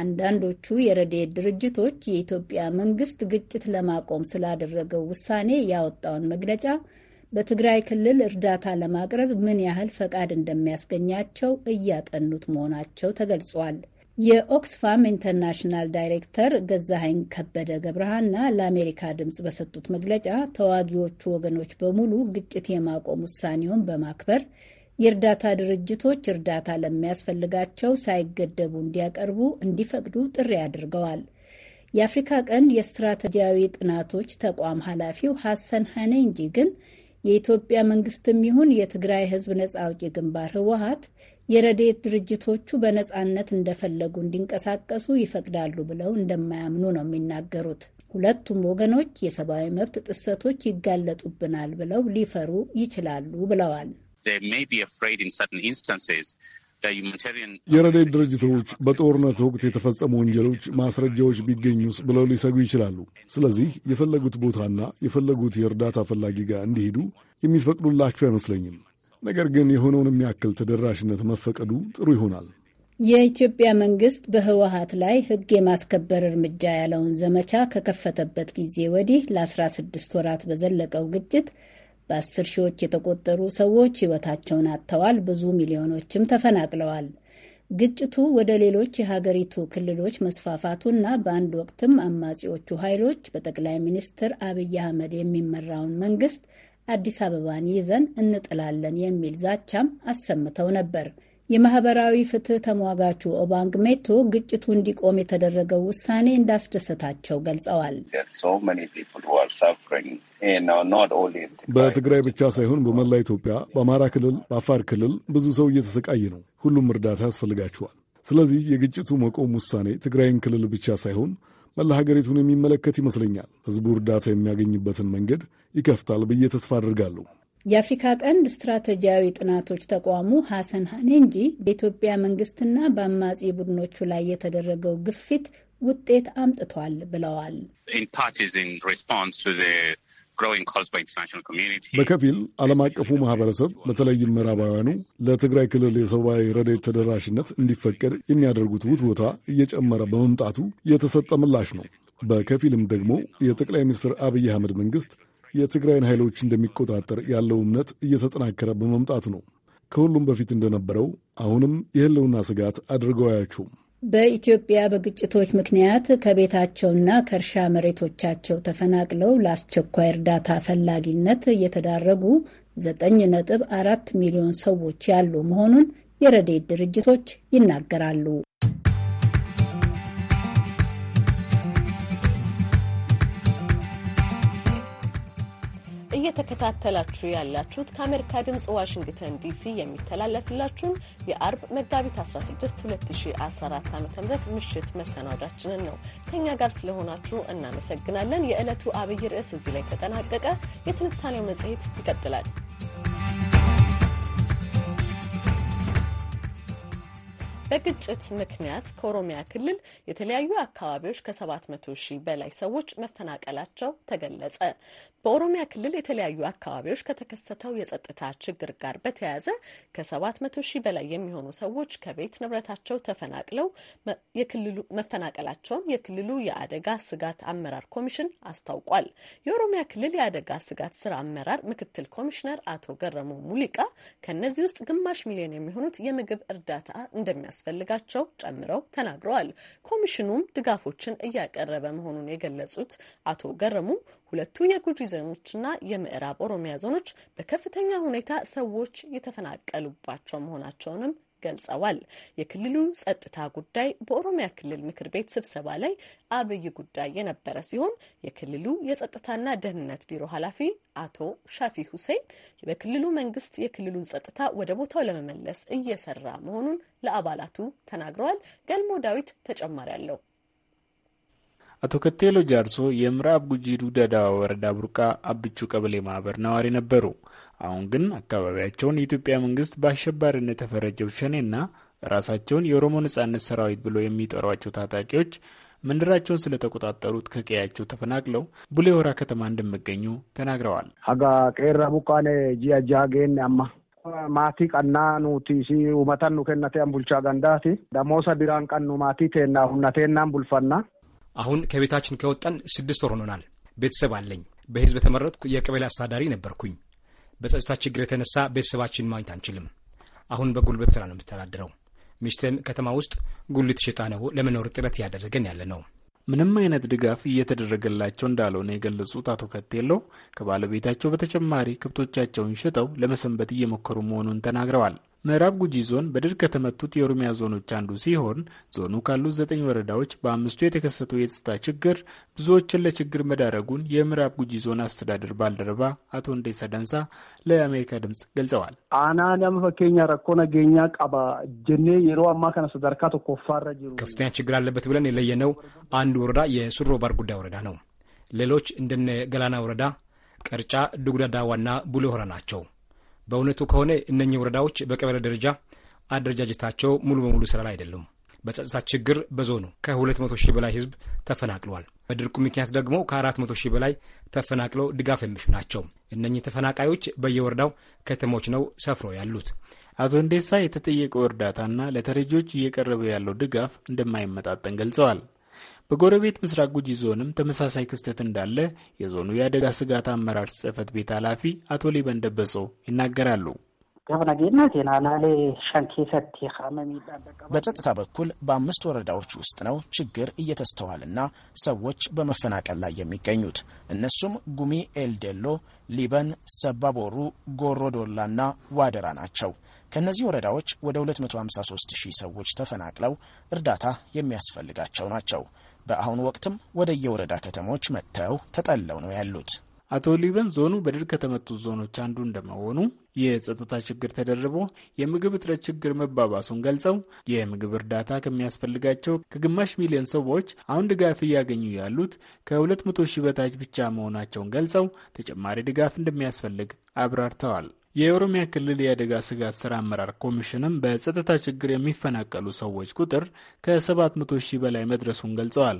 አንዳንዶቹ የረድኤት ድርጅቶች የኢትዮጵያ መንግስት ግጭት ለማቆም ስላደረገው ውሳኔ ያወጣውን መግለጫ በትግራይ ክልል እርዳታ ለማቅረብ ምን ያህል ፈቃድ እንደሚያስገኛቸው እያጠኑት መሆናቸው ተገልጿል። የኦክስፋም ኢንተርናሽናል ዳይሬክተር ገዛሀኝ ከበደ ገብረሃና ለአሜሪካ ድምፅ በሰጡት መግለጫ ተዋጊዎቹ ወገኖች በሙሉ ግጭት የማቆም ውሳኔውን በማክበር የእርዳታ ድርጅቶች እርዳታ ለሚያስፈልጋቸው ሳይገደቡ እንዲያቀርቡ እንዲፈቅዱ ጥሪ አድርገዋል። የአፍሪካ ቀንድ የስትራቴጂያዊ ጥናቶች ተቋም ኃላፊው ሐሰን ሀኔንጂ ግን የኢትዮጵያ መንግስትም ይሁን የትግራይ ህዝብ ነጻ አውጪ ግንባር ህወሀት የረዴት ድርጅቶቹ በነጻነት እንደፈለጉ እንዲንቀሳቀሱ ይፈቅዳሉ ብለው እንደማያምኑ ነው የሚናገሩት። ሁለቱም ወገኖች የሰብአዊ መብት ጥሰቶች ይጋለጡብናል ብለው ሊፈሩ ይችላሉ ብለዋል። የረዴት ድርጅቶች በጦርነት ወቅት የተፈጸሙ ወንጀሎች ማስረጃዎች ቢገኙስ ብለው ሊሰጉ ይችላሉ። ስለዚህ የፈለጉት ቦታና የፈለጉት የእርዳታ ፈላጊ ጋር እንዲሄዱ የሚፈቅዱላቸው አይመስለኝም። ነገር ግን የሆነውን የሚያክል ተደራሽነት መፈቀዱ ጥሩ ይሆናል። የኢትዮጵያ መንግስት በህወሀት ላይ ህግ የማስከበር እርምጃ ያለውን ዘመቻ ከከፈተበት ጊዜ ወዲህ ለ16 ወራት በዘለቀው ግጭት በአስር ሺዎች የተቆጠሩ ሰዎች ሕይወታቸውን አጥተዋል፣ ብዙ ሚሊዮኖችም ተፈናቅለዋል። ግጭቱ ወደ ሌሎች የሀገሪቱ ክልሎች መስፋፋቱና በአንድ ወቅትም አማጺዎቹ ኃይሎች በጠቅላይ ሚኒስትር አብይ አህመድ የሚመራውን መንግስት አዲስ አበባን ይዘን እንጥላለን የሚል ዛቻም አሰምተው ነበር። የማህበራዊ ፍትህ ተሟጋቹ ኦባንግ ሜቶ ግጭቱ እንዲቆም የተደረገው ውሳኔ እንዳስደሰታቸው ገልጸዋል። Uh, በትግራይ ብቻ ሳይሆን በመላ ኢትዮጵያ፣ በአማራ ክልል፣ በአፋር ክልል ብዙ ሰው እየተሰቃየ ነው። ሁሉም እርዳታ ያስፈልጋቸዋል። ስለዚህ የግጭቱ መቆም ውሳኔ ትግራይን ክልል ብቻ ሳይሆን መላ ሀገሪቱን የሚመለከት ይመስለኛል። ህዝቡ እርዳታ የሚያገኝበትን መንገድ ይከፍታል ብዬ ተስፋ አድርጋለሁ። የአፍሪካ ቀንድ ስትራቴጂያዊ ጥናቶች ተቋሙ ሐሰን ሀኔንጂ በኢትዮጵያ መንግስትና በአማጺ ቡድኖቹ ላይ የተደረገው ግፊት ውጤት አምጥቷል ብለዋል። በከፊል ዓለም አቀፉ ማህበረሰብ በተለይም ምዕራባውያኑ ለትግራይ ክልል የሰብአዊ ረድኤት ተደራሽነት እንዲፈቀድ የሚያደርጉት ውትወታ እየጨመረ በመምጣቱ የተሰጠ ምላሽ ነው። በከፊልም ደግሞ የጠቅላይ ሚኒስትር አብይ አህመድ መንግስት የትግራይን ኃይሎች እንደሚቆጣጠር ያለው እምነት እየተጠናከረ በመምጣቱ ነው። ከሁሉም በፊት እንደነበረው አሁንም የህልውና ስጋት አድርገው አያቸውም። በኢትዮጵያ በግጭቶች ምክንያት ከቤታቸውና ከእርሻ መሬቶቻቸው ተፈናቅለው ለአስቸኳይ እርዳታ ፈላጊነት እየተዳረጉ 9.4 ሚሊዮን ሰዎች ያሉ መሆኑን የረዴት ድርጅቶች ይናገራሉ። እየተከታተላችሁ ያላችሁት ከአሜሪካ ድምፅ ዋሽንግተን ዲሲ የሚተላለፍላችሁን የአርብ መጋቢት 16 2014 ዓ ም ምሽት መሰናዳችንን ነው። ከእኛ ጋር ስለሆናችሁ እናመሰግናለን። የዕለቱ አብይ ርዕስ እዚህ ላይ ተጠናቀቀ። የትንታኔው መጽሔት ይቀጥላል። በግጭት ምክንያት ከኦሮሚያ ክልል የተለያዩ አካባቢዎች ከ700 ሺህ በላይ ሰዎች መፈናቀላቸው ተገለጸ። በኦሮሚያ ክልል የተለያዩ አካባቢዎች ከተከሰተው የጸጥታ ችግር ጋር በተያያዘ ከ700 ሺህ በላይ የሚሆኑ ሰዎች ከቤት ንብረታቸው ተፈናቅለው መፈናቀላቸውን የክልሉ የአደጋ ስጋት አመራር ኮሚሽን አስታውቋል። የኦሮሚያ ክልል የአደጋ ስጋት ስራ አመራር ምክትል ኮሚሽነር አቶ ገረሙ ሙሊቃ ከእነዚህ ውስጥ ግማሽ ሚሊዮን የሚሆኑት የምግብ እርዳታ እንደሚያስ እንደሚያስፈልጋቸው ጨምረው ተናግረዋል። ኮሚሽኑም ድጋፎችን እያቀረበ መሆኑን የገለጹት አቶ ገረሙ ሁለቱ የጉጂ ዞኖችና የምዕራብ ኦሮሚያ ዞኖች በከፍተኛ ሁኔታ ሰዎች የተፈናቀሉባቸው መሆናቸውንም ገልጸዋል። የክልሉ ጸጥታ ጉዳይ በኦሮሚያ ክልል ምክር ቤት ስብሰባ ላይ አብይ ጉዳይ የነበረ ሲሆን የክልሉ የጸጥታና ደህንነት ቢሮ ኃላፊ አቶ ሻፊ ሁሴን በክልሉ መንግስት የክልሉን ጸጥታ ወደ ቦታው ለመመለስ እየሰራ መሆኑን ለአባላቱ ተናግረዋል። ገልሞ ዳዊት ተጨማሪ አለው። አቶ ከቴሎ ጃርሶ የምዕራብ ጉጂ ዱዳዳ ወረዳ ቡርቃ አብቹ ቀበሌ ማህበር ነዋሪ ነበሩ። አሁን ግን አካባቢያቸውን የኢትዮጵያ መንግስት በአሸባሪነት የተፈረጀው ሸኔና ራሳቸውን የኦሮሞ ነጻነት ሰራዊት ብሎ የሚጠሯቸው ታጣቂዎች መንደራቸውን ስለተቆጣጠሩት ከቀያቸው ተፈናቅለው ቡሌ ሆራ ከተማ እንደሚገኙ ተናግረዋል። ሀጋ ቄራ ቡቃኔ ጂያጃጌን አማ ማቲ ቀና ኑቲ ሲ ውመተን ኑ ከነቴን ቡልቻ ገንዳቲ ደሞሰ ቢራን ቀኑ ማቲ ቴና ሁነቴናን ቡልፈና አሁን ከቤታችን ከወጣን ስድስት ወር ሆኖናል። ቤተሰብ አለኝ። በህዝብ የተመረጥኩ የቀበሌ አስተዳዳሪ ነበርኩኝ። በጸጥታ ችግር የተነሳ ቤተሰባችን ማግኘት አንችልም። አሁን በጉልበት ስራ ነው የምተዳደረው። ሚስትም ከተማ ውስጥ ጉልት ሽጣ ነው ለመኖር ጥረት እያደረገን ያለ ነው። ምንም አይነት ድጋፍ እየተደረገላቸው እንዳልሆነ የገለጹት አቶ ከቴሎ ከባለቤታቸው በተጨማሪ ከብቶቻቸውን ሽጠው ለመሰንበት እየሞከሩ መሆኑን ተናግረዋል። ምዕራብ ጉጂ ዞን በድርቅ ከተመቱት የኦሮሚያ ዞኖች አንዱ ሲሆን ዞኑ ካሉት ዘጠኝ ወረዳዎች በአምስቱ የተከሰተው የጸጥታ ችግር ብዙዎችን ለችግር መዳረጉን የምዕራብ ጉጂ ዞን አስተዳደር ባልደረባ አቶ እንዴሳ ደንሳ ለአሜሪካ ድምጽ ገልጸዋል። አና ነም ፈኬኛ ረኮ ነገኛ ቀባ ጀኔ የሮ አማ ከነ ሰዳርካ ተኮፋረ ከፍተኛ ችግር አለበት ብለን የለየነው አንድ ወረዳ የሱሮ ባር ጉዳይ ወረዳ ነው። ሌሎች እንደነ ገላና ወረዳ፣ ቀርጫ፣ ዱጉዳዳዋና ቡሌ ሆራ ናቸው። በእውነቱ ከሆነ እነኚህ ወረዳዎች በቀበሌ ደረጃ አደረጃጀታቸው ሙሉ በሙሉ ስራ ላይ አይደለም። በጸጥታ ችግር በዞኑ ከ200 ሺህ በላይ ህዝብ ተፈናቅሏል። በድርቁ ምክንያት ደግሞ ከ400 ሺህ በላይ ተፈናቅለው ድጋፍ የሚሹ ናቸው። እነኚህ ተፈናቃዮች በየወረዳው ከተሞች ነው ሰፍረው ያሉት። አቶ እንዴሳ የተጠየቀው እርዳታና ለተረጂዎች እየቀረበ ያለው ድጋፍ እንደማይመጣጠን ገልጸዋል። በጎረቤት ምስራቅ ጉጂ ዞንም ተመሳሳይ ክስተት እንዳለ የዞኑ የአደጋ ስጋት አመራር ጽህፈት ቤት ኃላፊ አቶ ሊበን ደበሰው ይናገራሉ። በጸጥታ በኩል በአምስት ወረዳዎች ውስጥ ነው ችግር እየተስተዋለና ሰዎች በመፈናቀል ላይ የሚገኙት። እነሱም ጉሚ ኤልዴሎ፣ ሊበን፣ ሰባቦሩ፣ ጎሮዶላና ዋደራ ናቸው። ከእነዚህ ወረዳዎች ወደ 253 ሺህ ሰዎች ተፈናቅለው እርዳታ የሚያስፈልጋቸው ናቸው። በአሁኑ ወቅትም ወደ የወረዳ ከተሞች መጥተው ተጠለው ነው ያሉት። አቶ ሊበን ዞኑ በድርቅ ከተመቱ ዞኖች አንዱ እንደመሆኑ የጸጥታ ችግር ተደርቦ የምግብ እጥረት ችግር መባባሱን ገልጸው የምግብ እርዳታ ከሚያስፈልጋቸው ከግማሽ ሚሊዮን ሰዎች አሁን ድጋፍ እያገኙ ያሉት ከሁለት መቶ ሺህ በታች ብቻ መሆናቸውን ገልጸው ተጨማሪ ድጋፍ እንደሚያስፈልግ አብራርተዋል። የኦሮሚያ ክልል የአደጋ ስጋት ስራ አመራር ኮሚሽንም በጸጥታ ችግር የሚፈናቀሉ ሰዎች ቁጥር ከ700 ሺህ በላይ መድረሱን ገልጸዋል።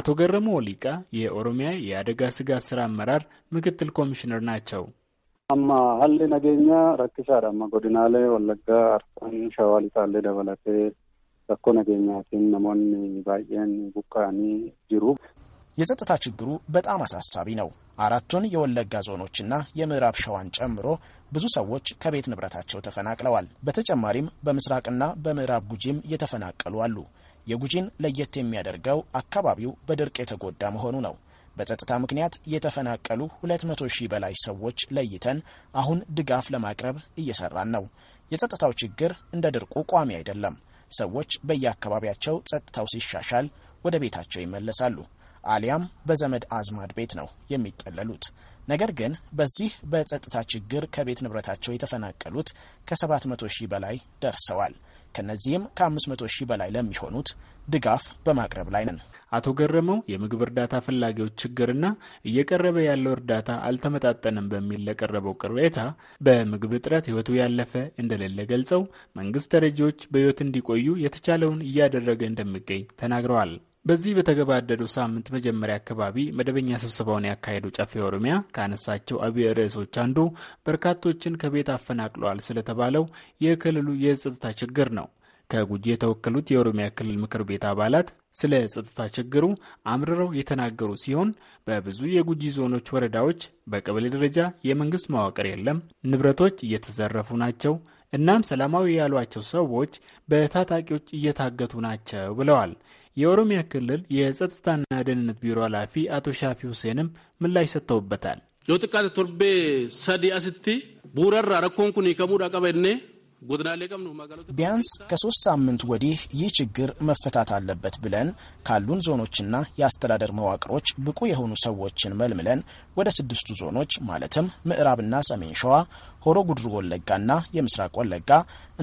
አቶ ገረሙ ወሊቃ የኦሮሚያ የአደጋ ስጋት ስራ አመራር ምክትል ኮሚሽነር ናቸው። አማ ሀሌ ነገኛ ረክሻ ዳማ ጎዲናሌ ወለጋ አርሳን ሸዋሊሳሌ ደበለቴ ረኮ ነገኛቲን ነሞን ባየን ቡቃኒ ጅሩ የጸጥታ ችግሩ በጣም አሳሳቢ ነው። አራቱን የወለጋ ዞኖችና የምዕራብ ሸዋን ጨምሮ ብዙ ሰዎች ከቤት ንብረታቸው ተፈናቅለዋል። በተጨማሪም በምስራቅና በምዕራብ ጉጂም የተፈናቀሉ አሉ። የጉጂን ለየት የሚያደርገው አካባቢው በድርቅ የተጎዳ መሆኑ ነው። በጸጥታ ምክንያት የተፈናቀሉ 200 ሺህ በላይ ሰዎች ለይተን አሁን ድጋፍ ለማቅረብ እየሰራን ነው። የጸጥታው ችግር እንደ ድርቁ ቋሚ አይደለም። ሰዎች በየአካባቢያቸው ጸጥታው ሲሻሻል ወደ ቤታቸው ይመለሳሉ። አሊያም በዘመድ አዝማድ ቤት ነው የሚጠለሉት። ነገር ግን በዚህ በጸጥታ ችግር ከቤት ንብረታቸው የተፈናቀሉት ከ700 ሺህ በላይ ደርሰዋል። ከነዚህም ከ500 ሺህ በላይ ለሚሆኑት ድጋፍ በማቅረብ ላይ ነን። አቶ ገረመው የምግብ እርዳታ ፈላጊዎች ችግርና እየቀረበ ያለው እርዳታ አልተመጣጠንም በሚል ለቀረበው ቅሬታ በምግብ እጥረት ሕይወቱ ያለፈ እንደሌለ ገልጸው መንግስት ተረጂዎች በሕይወት እንዲቆዩ የተቻለውን እያደረገ እንደሚገኝ ተናግረዋል። በዚህ በተገባደደው ሳምንት መጀመሪያ አካባቢ መደበኛ ስብሰባውን ያካሄደው ጨፌ ኦሮሚያ ካነሳቸው አብይ ርዕሶች አንዱ በርካቶችን ከቤት አፈናቅለዋል ስለተባለው የክልሉ የጸጥታ ችግር ነው። ከጉጂ የተወከሉት የኦሮሚያ ክልል ምክር ቤት አባላት ስለ ጸጥታ ችግሩ አምርረው የተናገሩ ሲሆን በብዙ የጉጂ ዞኖች ወረዳዎች በቀበሌ ደረጃ የመንግስት መዋቅር የለም፣ ንብረቶች እየተዘረፉ ናቸው፣ እናም ሰላማዊ ያሏቸው ሰዎች በታጣቂዎች እየታገቱ ናቸው ብለዋል። የኦሮሚያ ክልል የጸጥታና ደህንነት ቢሮ ኃላፊ አቶ ሻፊ ሁሴንም ምላሽ ሰጥተውበታል። የውጥቃት ቶርቤ ሰዲ አስቲ ቡረራ ረኮን ከሙዳ ቀበኔ ቢያንስ ከሶስት ሳምንት ወዲህ ይህ ችግር መፈታት አለበት ብለን ካሉን ዞኖችና የአስተዳደር መዋቅሮች ብቁ የሆኑ ሰዎችን መልምለን ወደ ስድስቱ ዞኖች ማለትም ምዕራብና ሰሜን ሸዋ፣ ሆሮ ጉድሩ ወለጋና የምስራቅ ወለጋ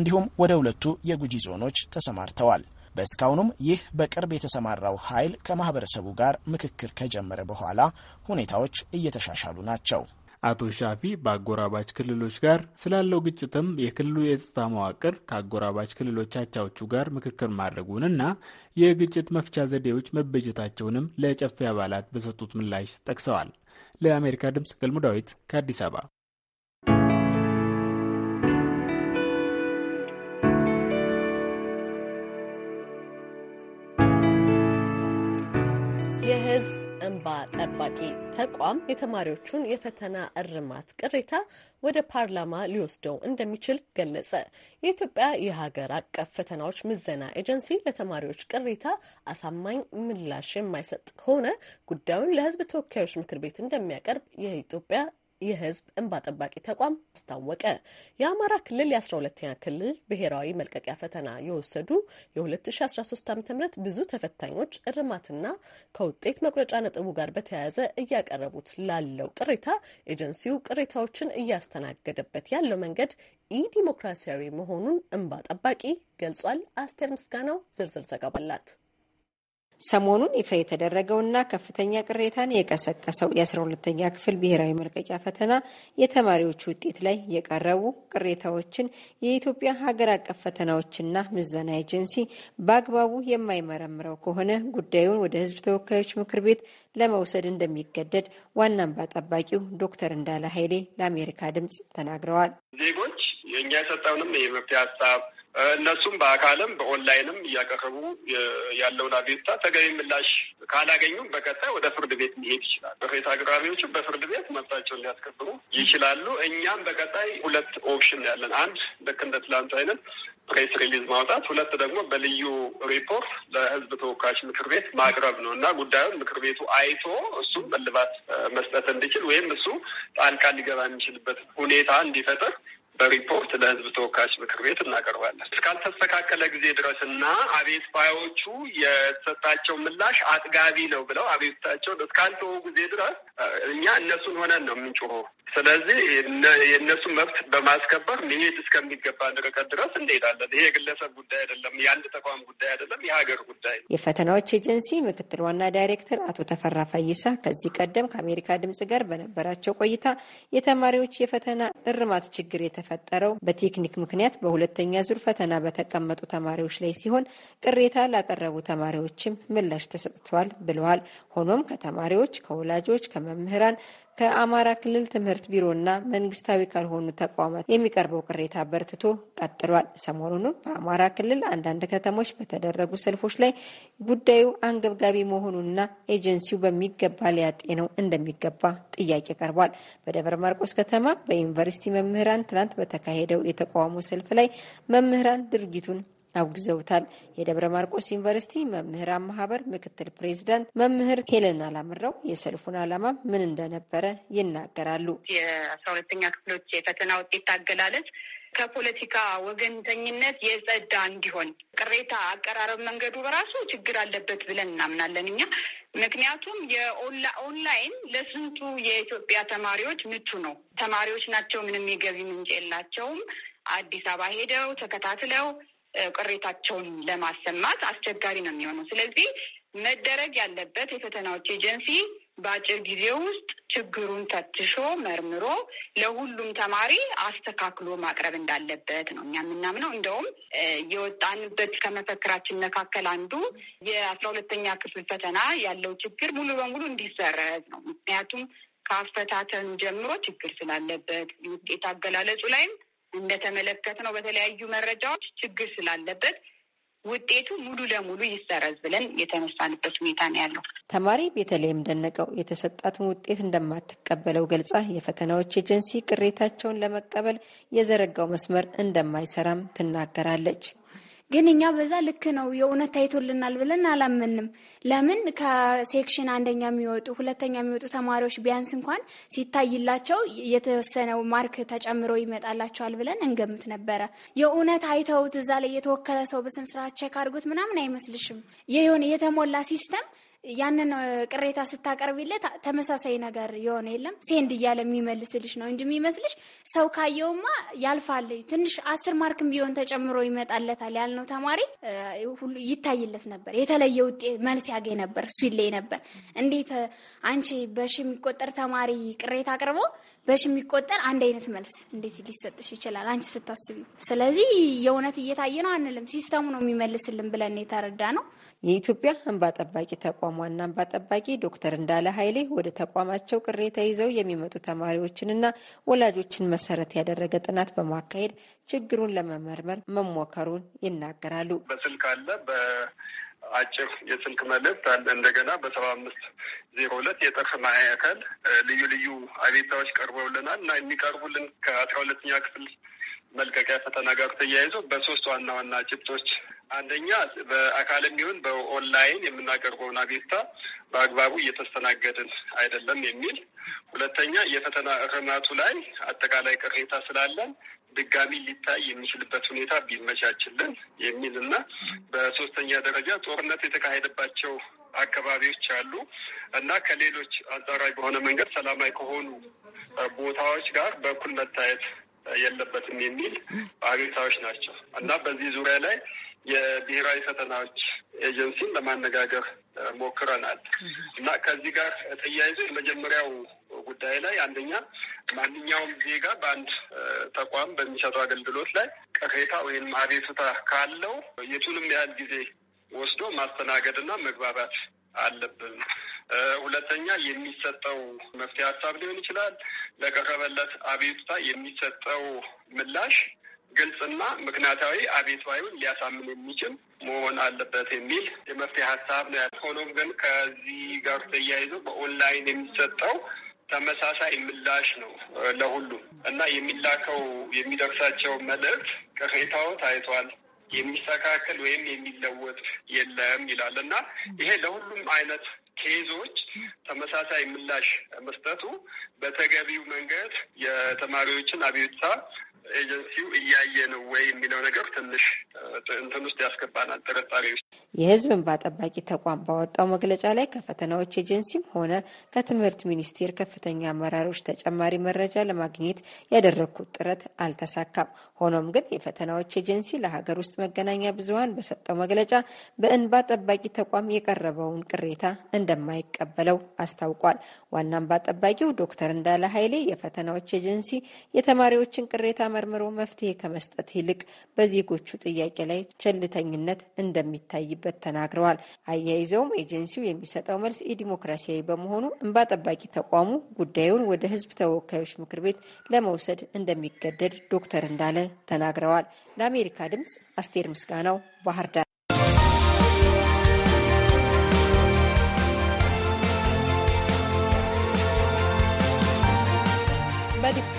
እንዲሁም ወደ ሁለቱ የጉጂ ዞኖች ተሰማርተዋል። በእስካሁኑም ይህ በቅርብ የተሰማራው ኃይል ከማህበረሰቡ ጋር ምክክር ከጀመረ በኋላ ሁኔታዎች እየተሻሻሉ ናቸው። አቶ ሻፊ በአጎራባች ክልሎች ጋር ስላለው ግጭትም የክልሉ የጸጥታ መዋቅር ከአጎራባች ክልሎች አቻዎቹ ጋር ምክክር ማድረጉንና የግጭት መፍቻ ዘዴዎች መበጀታቸውንም ለጨፌ አባላት በሰጡት ምላሽ ጠቅሰዋል። ለአሜሪካ ድምጽ ገልሙ ዳዊት ከአዲስ አበባ እንባ ጠባቂ ተቋም የተማሪዎቹን የፈተና እርማት ቅሬታ ወደ ፓርላማ ሊወስደው እንደሚችል ገለጸ። የኢትዮጵያ የሀገር አቀፍ ፈተናዎች ምዘና ኤጀንሲ ለተማሪዎች ቅሬታ አሳማኝ ምላሽ የማይሰጥ ከሆነ ጉዳዩን ለሕዝብ ተወካዮች ምክር ቤት እንደሚያቀርብ የኢትዮጵያ የህዝብ እንባ ጠባቂ ተቋም አስታወቀ። የአማራ ክልል የ12ኛ ክልል ብሔራዊ መልቀቂያ ፈተና የወሰዱ የ2013 ዓ ም ብዙ ተፈታኞች እርማትና ከውጤት መቁረጫ ነጥቡ ጋር በተያያዘ እያቀረቡት ላለው ቅሬታ ኤጀንሲው ቅሬታዎችን እያስተናገደበት ያለው መንገድ ኢ ዲሞክራሲያዊ መሆኑን እንባ ጠባቂ ገልጿል። አስቴር ምስጋናው ዝርዝር ዘጋባላት። ሰሞኑን ይፋ የተደረገውና ከፍተኛ ቅሬታን የቀሰቀሰው የአስራ ሁለተኛ ክፍል ብሔራዊ መልቀቂያ ፈተና የተማሪዎች ውጤት ላይ የቀረቡ ቅሬታዎችን የኢትዮጵያ ሀገር አቀፍ ፈተናዎችና ምዘና ኤጀንሲ በአግባቡ የማይመረምረው ከሆነ ጉዳዩን ወደ ሕዝብ ተወካዮች ምክር ቤት ለመውሰድ እንደሚገደድ ዋና አምባ ጠባቂው ዶክተር እንዳለ ኃይሌ ለአሜሪካ ድምጽ ተናግረዋል። ዜጎች የእኛ የሰጠውንም የመፍትሄ ሀሳብ እነሱም በአካልም በኦንላይንም እያቀረቡ ያለውን አቤቱታ ተገቢ ምላሽ ካላገኙም በቀጣይ ወደ ፍርድ ቤት ሊሄድ ይችላል። በፌት አቅራቢዎችም በፍርድ ቤት መብታቸውን ሊያስከብሩ ይችላሉ። እኛም በቀጣይ ሁለት ኦፕሽን ያለን፣ አንድ ልክ እንደ ትላንት አይነት ፕሬስ ሪሊዝ ማውጣት፣ ሁለት ደግሞ በልዩ ሪፖርት ለህዝብ ተወካዮች ምክር ቤት ማቅረብ ነው እና ጉዳዩን ምክር ቤቱ አይቶ እሱም እልባት መስጠት እንዲችል ወይም እሱ ጣልቃ ሊገባ የሚችልበት ሁኔታ እንዲፈጠር በሪፖርት ለህዝብ ተወካዮች ምክር ቤት እናቀርባለን። እስካልተስተካከለ ጊዜ ድረስ እና አቤት ባዮቹ የተሰጣቸው ምላሽ አጥጋቢ ነው ብለው አቤቱታቸውን እስካልተወ ጊዜ ድረስ እኛ እነሱን ሆነን ነው የምንጮኸው። ስለዚህ የእነሱን መብት በማስከበር መሄድ እስከሚገባ ርቀት ድረስ እንሄዳለን። ይሄ የግለሰብ ጉዳይ አይደለም፣ የአንድ ተቋም ጉዳይ አይደለም፣ የሀገር ጉዳይ ነው። የፈተናዎች ኤጀንሲ ምክትል ዋና ዳይሬክተር አቶ ተፈራ ፈይሳ ከዚህ ቀደም ከአሜሪካ ድምጽ ጋር በነበራቸው ቆይታ የተማሪዎች የፈተና እርማት ችግር የተ የተፈጠረው በቴክኒክ ምክንያት በሁለተኛ ዙር ፈተና በተቀመጡ ተማሪዎች ላይ ሲሆን ቅሬታ ላቀረቡ ተማሪዎችም ምላሽ ተሰጥቷል ብለዋል። ሆኖም ከተማሪዎች፣ ከወላጆች፣ ከመምህራን ከአማራ ክልል ትምህርት ቢሮና መንግስታዊ ካልሆኑ ተቋማት የሚቀርበው ቅሬታ በርትቶ ቀጥሏል። ሰሞኑንም በአማራ ክልል አንዳንድ ከተሞች በተደረጉ ሰልፎች ላይ ጉዳዩ አንገብጋቢ መሆኑና ኤጀንሲው በሚገባ ሊያጤነው እንደሚገባ ጥያቄ ቀርቧል። በደብረ ማርቆስ ከተማ በዩኒቨርሲቲ መምህራን ትናንት በተካሄደው የተቃውሞ ሰልፍ ላይ መምህራን ድርጊቱን አውግዘውታል። የደብረ ማርቆስ ዩኒቨርሲቲ መምህራን ማህበር ምክትል ፕሬዚዳንት መምህር ሄለን አላምረው የሰልፉን ዓላማ ምን እንደነበረ ይናገራሉ። የአስራ ሁለተኛ ክፍሎች የፈተና ውጤት አገላለጽ ከፖለቲካ ወገንተኝነት የጸዳ እንዲሆን ቅሬታ አቀራረብ መንገዱ በራሱ ችግር አለበት ብለን እናምናለን እኛ። ምክንያቱም የኦንላይን ለስንቱ የኢትዮጵያ ተማሪዎች ምቹ ነው። ተማሪዎች ናቸው፣ ምንም የገቢ ምንጭ የላቸውም። አዲስ አበባ ሄደው ተከታትለው ቅሬታቸውን ለማሰማት አስቸጋሪ ነው የሚሆነው። ስለዚህ መደረግ ያለበት የፈተናዎች ኤጀንሲ በአጭር ጊዜ ውስጥ ችግሩን ተትሾ መርምሮ ለሁሉም ተማሪ አስተካክሎ ማቅረብ እንዳለበት ነው እኛ የምናምነው። እንደውም የወጣንበት ከመፈክራችን መካከል አንዱ የአስራ ሁለተኛ ክፍል ፈተና ያለው ችግር ሙሉ በሙሉ እንዲሰረዝ ነው። ምክንያቱም ከአፈታተኑ ጀምሮ ችግር ስላለበት ውጤት አገላለጹ ላይም እንደተመለከት ነው በተለያዩ መረጃዎች ችግር ስላለበት ውጤቱ ሙሉ ለሙሉ ይሰረዝ ብለን የተነሳንበት ሁኔታ ነው ያለው። ተማሪ ቤተልሔም ደነቀው የተሰጣትን ውጤት እንደማትቀበለው ገልጻ የፈተናዎች ኤጀንሲ ቅሬታቸውን ለመቀበል የዘረጋው መስመር እንደማይሰራም ትናገራለች። ግን እኛ በዛ ልክ ነው የእውነት ታይቶልናል ብለን አላመንም። ለምን ከሴክሽን አንደኛ የሚወጡ ሁለተኛ የሚወጡ ተማሪዎች ቢያንስ እንኳን ሲታይላቸው የተወሰነው ማርክ ተጨምሮ ይመጣላቸዋል ብለን እንገምት ነበረ። የእውነት አይተውት እዛ ላይ የተወከለ ሰው በስንት ስርዓት ቼክ አድርጎት ምናምን አይመስልሽም። የሆነ የተሞላ ሲስተም ያንን ቅሬታ ስታቀርቢለት ተመሳሳይ ነገር የሆነ የለም ሴንድ እያለ የሚመልስልሽ ነው እንጂ የሚመስልሽ ሰው ካየውማ ያልፋል። ትንሽ አስር ማርክም ቢሆን ተጨምሮ ይመጣለታል ያልነው ተማሪ ሁሉ ይታይለት ነበር። የተለየ ውጤት መልስ ያገኝ ነበር። እሱ ይለይ ነበር። እንዴት አንቺ በሺ የሚቆጠር ተማሪ ቅሬታ አቅርቦ በሽ የሚቆጠር አንድ አይነት መልስ እንዴት ሊሰጥሽ ይችላል አንቺ ስታስቢ? ስለዚህ የእውነት እየታየ ነው አንልም፣ ሲስተሙ ነው የሚመልስልን ብለን የተረዳ ነው። የኢትዮጵያ እንባ ጠባቂ ተቋም ዋና እንባ ጠባቂ ዶክተር እንዳለ ኃይሌ ወደ ተቋማቸው ቅሬታ ይዘው የሚመጡ ተማሪዎችንና ወላጆችን መሰረት ያደረገ ጥናት በማካሄድ ችግሩን ለመመርመር መሞከሩን ይናገራሉ። በስልክ አለ አጭር የስልክ መልእክት አለ። እንደገና በሰባ አምስት ዜሮ ሁለት የጥር ማዕከል ልዩ ልዩ አቤታዎች ቀርበውልናል እና የሚቀርቡልን ከአስራ ሁለተኛ ክፍል መልቀቂያ ፈተና ጋር ተያይዞ በሶስት ዋና ዋና ጭብጦች፣ አንደኛ በአካልም ይሁን በኦንላይን የምናቀርበውን አቤቱታ በአግባቡ እየተስተናገድን አይደለም የሚል፣ ሁለተኛ የፈተና እርማቱ ላይ አጠቃላይ ቅሬታ ስላለን ድጋሚ ሊታይ የሚችልበት ሁኔታ ቢመቻችልን የሚል እና በሶስተኛ ደረጃ ጦርነት የተካሄደባቸው አካባቢዎች አሉ እና ከሌሎች አንጻራዊ በሆነ መንገድ ሰላማዊ ከሆኑ ቦታዎች ጋር በኩል መታየት የለበትም የሚል አቤታዎች ናቸው እና በዚህ ዙሪያ ላይ የብሔራዊ ፈተናዎች ኤጀንሲን ለማነጋገር ሞክረናል እና ከዚህ ጋር ተያይዞ የመጀመሪያው ጉዳይ ላይ አንደኛ ማንኛውም ዜጋ በአንድ ተቋም በሚሰጠው አገልግሎት ላይ ቅሬታ ወይም አቤቱታ ካለው የቱንም ያህል ጊዜ ወስዶ ማስተናገድና መግባባት አለብን። ሁለተኛ የሚሰጠው መፍትሄ ሀሳብ ሊሆን ይችላል። ለቀረበለት አቤቱታ የሚሰጠው ምላሽ ግልጽና ምክንያታዊ አቤቱታውን ሊያሳምን የሚችል መሆን አለበት የሚል የመፍትሄ ሀሳብ ነው ያለ። ሆኖም ግን ከዚህ ጋር ተያይዞ በኦንላይን የሚሰጠው ተመሳሳይ ምላሽ ነው ለሁሉም እና የሚላከው የሚደርሳቸው መልእክት ቅሬታው ታይቷል የሚስተካከል ወይም የሚለወጥ የለም ይላል እና ይሄ ለሁሉም አይነት ኬዞች ተመሳሳይ ምላሽ መስጠቱ በተገቢው መንገድ የተማሪዎችን አቤቱታ ኤጀንሲው እያየ ነው ወይ የሚለው ነገር ትንሽ እንትን ውስጥ ያስገባናል፣ ጥርጣሬ ውስጥ። የህዝብ እንባ ጠባቂ ተቋም ባወጣው መግለጫ ላይ ከፈተናዎች ኤጀንሲም ሆነ ከትምህርት ሚኒስቴር ከፍተኛ አመራሮች ተጨማሪ መረጃ ለማግኘት ያደረግኩት ጥረት አልተሳካም። ሆኖም ግን የፈተናዎች ኤጀንሲ ለሀገር ውስጥ መገናኛ ብዙኃን በሰጠው መግለጫ በእንባ ጠባቂ ተቋም የቀረበውን ቅሬታ እንደማይቀበለው አስታውቋል። ዋና እንባ ጠባቂው ዶክተር እንዳለ ኃይሌ የፈተናዎች ኤጀንሲ የተማሪዎችን ቅሬታ መርምሮ መፍትሄ ከመስጠት ይልቅ በዜጎቹ ጥያቄ ላይ ቸልተኝነት እንደሚታይበት ተናግረዋል። አያይዘውም ኤጀንሲው የሚሰጠው መልስ ኢዲሞክራሲያዊ በመሆኑ እንባ ጠባቂ ተቋሙ ጉዳዩን ወደ ሕዝብ ተወካዮች ምክር ቤት ለመውሰድ እንደሚገደድ ዶክተር እንዳለ ተናግረዋል። ለአሜሪካ ድምጽ አስቴር ምስጋናው ባህር ዳር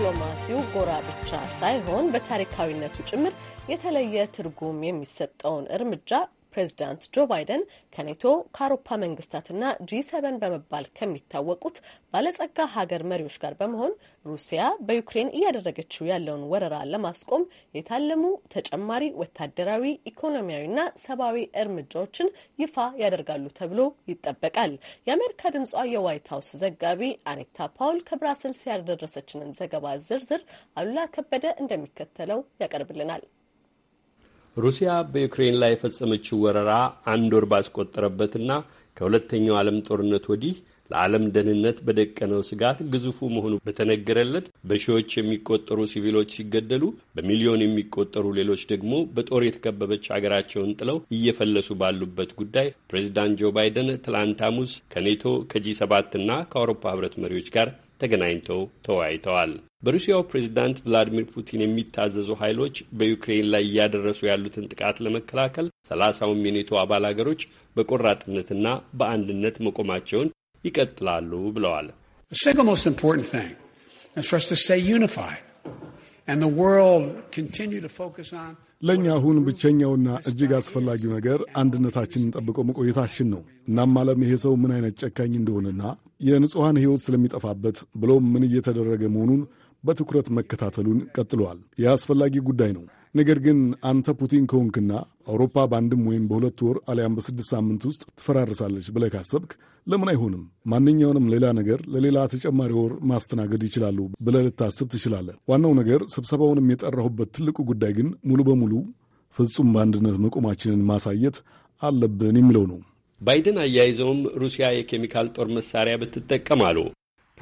ዲፕሎማሲው ጎራ ብቻ ሳይሆን በታሪካዊነቱ ጭምር የተለየ ትርጉም የሚሰጠውን እርምጃ ፕሬዚዳንት ጆ ባይደን ከኔቶ ከአውሮፓ መንግስታትና ጂ ሰበን በመባል ከሚታወቁት ባለጸጋ ሀገር መሪዎች ጋር በመሆን ሩሲያ በዩክሬን እያደረገችው ያለውን ወረራ ለማስቆም የታለሙ ተጨማሪ ወታደራዊ፣ ኢኮኖሚያዊና ሰብአዊ እርምጃዎችን ይፋ ያደርጋሉ ተብሎ ይጠበቃል። የአሜሪካ ድምጿ የዋይት ሀውስ ዘጋቢ አኔታ ፓውል ከብራስልስ ያደረሰችንን ዘገባ ዝርዝር አሉላ ከበደ እንደሚከተለው ያቀርብልናል። ሩሲያ በዩክሬን ላይ የፈጸመችው ወረራ አንድ ወር ባስቆጠረበትና ከሁለተኛው ዓለም ጦርነት ወዲህ ለዓለም ደህንነት በደቀነው ስጋት ግዙፉ መሆኑ በተነገረለት በሺዎች የሚቆጠሩ ሲቪሎች ሲገደሉ በሚሊዮን የሚቆጠሩ ሌሎች ደግሞ በጦር የተከበበች ሀገራቸውን ጥለው እየፈለሱ ባሉበት ጉዳይ ፕሬዚዳንት ጆ ባይደን ትላንት ሐሙስ ከኔቶ ከጂ ሰባት እና ከአውሮፓ ህብረት መሪዎች ጋር ተገናኝተው ተወያይተዋል። በሩሲያው ፕሬዚዳንት ቭላዲሚር ፑቲን የሚታዘዙ ኃይሎች በዩክሬን ላይ እያደረሱ ያሉትን ጥቃት ለመከላከል ሰላሳውም የኔቶ አባል አገሮች በቆራጥነትና በአንድነት መቆማቸውን ይቀጥላሉ ብለዋል። ለእኛ አሁን ብቸኛውና እጅግ አስፈላጊው ነገር አንድነታችንን ጠብቆ መቆየታችን ነው። እናም ዓለም ይሄ ሰው ምን አይነት ጨካኝ እንደሆነና የንጹሐን ሕይወት ስለሚጠፋበት ብሎም ምን እየተደረገ መሆኑን በትኩረት መከታተሉን ቀጥለዋል። ይህ አስፈላጊ ጉዳይ ነው። ነገር ግን አንተ ፑቲን ከሆንክና አውሮፓ በአንድም ወይም በሁለት ወር አሊያም በስድስት ሳምንት ውስጥ ትፈራርሳለች ብለህ ካሰብክ ለምን አይሆንም? ማንኛውንም ሌላ ነገር ለሌላ ተጨማሪ ወር ማስተናገድ ይችላሉ ብለህ ልታስብ ትችላለህ። ዋናው ነገር ስብሰባውንም የጠራሁበት ትልቁ ጉዳይ ግን ሙሉ በሙሉ ፍጹም በአንድነት መቆማችንን ማሳየት አለብን የሚለው ነው። ባይደን አያይዘውም ሩሲያ የኬሚካል ጦር መሳሪያ ብትጠቀም አሉ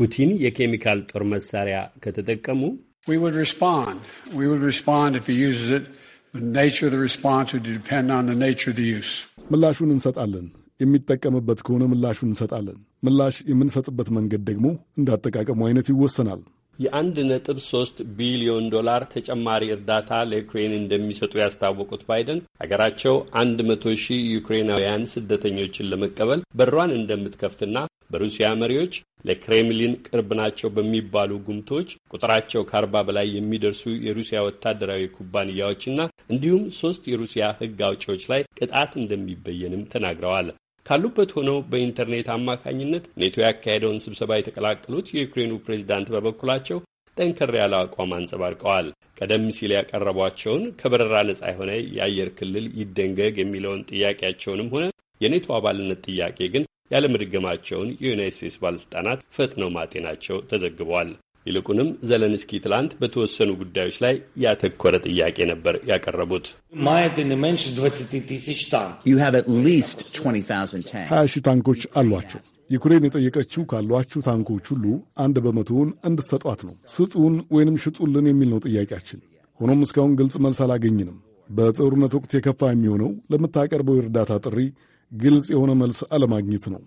ፑቲን የኬሚካል ጦር መሳሪያ ከተጠቀሙ we would respond. We would respond if he uses it. The nature of the response would depend on the nature of the use. ምላሹን እንሰጣለን። የሚጠቀምበት ከሆነ ምላሹን እንሰጣለን። ምላሽ የምንሰጥበት መንገድ ደግሞ እንዳጠቃቀሙ አይነት ይወሰናል። የአንድ ነጥብ ሶስት ቢሊዮን ዶላር ተጨማሪ እርዳታ ለዩክሬን እንደሚሰጡ ያስታወቁት ባይደን ሀገራቸው አንድ መቶ ሺህ ዩክሬናውያን ስደተኞችን ለመቀበል በሯን እንደምትከፍትና በሩሲያ መሪዎች ለክሬምሊን ቅርብ ናቸው በሚባሉ ጉምቶች ቁጥራቸው ከአርባ በላይ የሚደርሱ የሩሲያ ወታደራዊ ኩባንያዎችና እንዲሁም ሶስት የሩሲያ ሕግ አውጪዎች ላይ ቅጣት እንደሚበየንም ተናግረዋል። ካሉበት ሆነው በኢንተርኔት አማካኝነት ኔቶ ያካሄደውን ስብሰባ የተቀላቀሉት የዩክሬኑ ፕሬዚዳንት በበኩላቸው ጠንከር ያለ አቋም አንጸባርቀዋል። ቀደም ሲል ያቀረቧቸውን ከበረራ ነጻ የሆነ የአየር ክልል ይደንገግ የሚለውን ጥያቄያቸውንም ሆነ የኔቶ አባልነት ጥያቄ ግን ያለመድገማቸውን የዩናይት ስቴትስ ባለሥልጣናት ፈጥነው ማጤናቸው ተዘግቧል። ይልቁንም ዘለንስኪ ትላንት በተወሰኑ ጉዳዮች ላይ ያተኮረ ጥያቄ ነበር ያቀረቡት። ሀያ ሺህ ታንኮች አሏቸው። ዩክሬን የጠየቀችው ካሏችሁ ታንኮች ሁሉ አንድ በመቶውን እንድትሰጧት ነው። ስጡን ወይንም ሽጡልን የሚል ነው ጥያቄያችን። ሆኖም እስካሁን ግልጽ መልስ አላገኝንም። በጦርነት ወቅት የከፋ የሚሆነው ለምታቀርበው የእርዳታ ጥሪ ግልጽ የሆነ መልስ አለማግኘት ነው።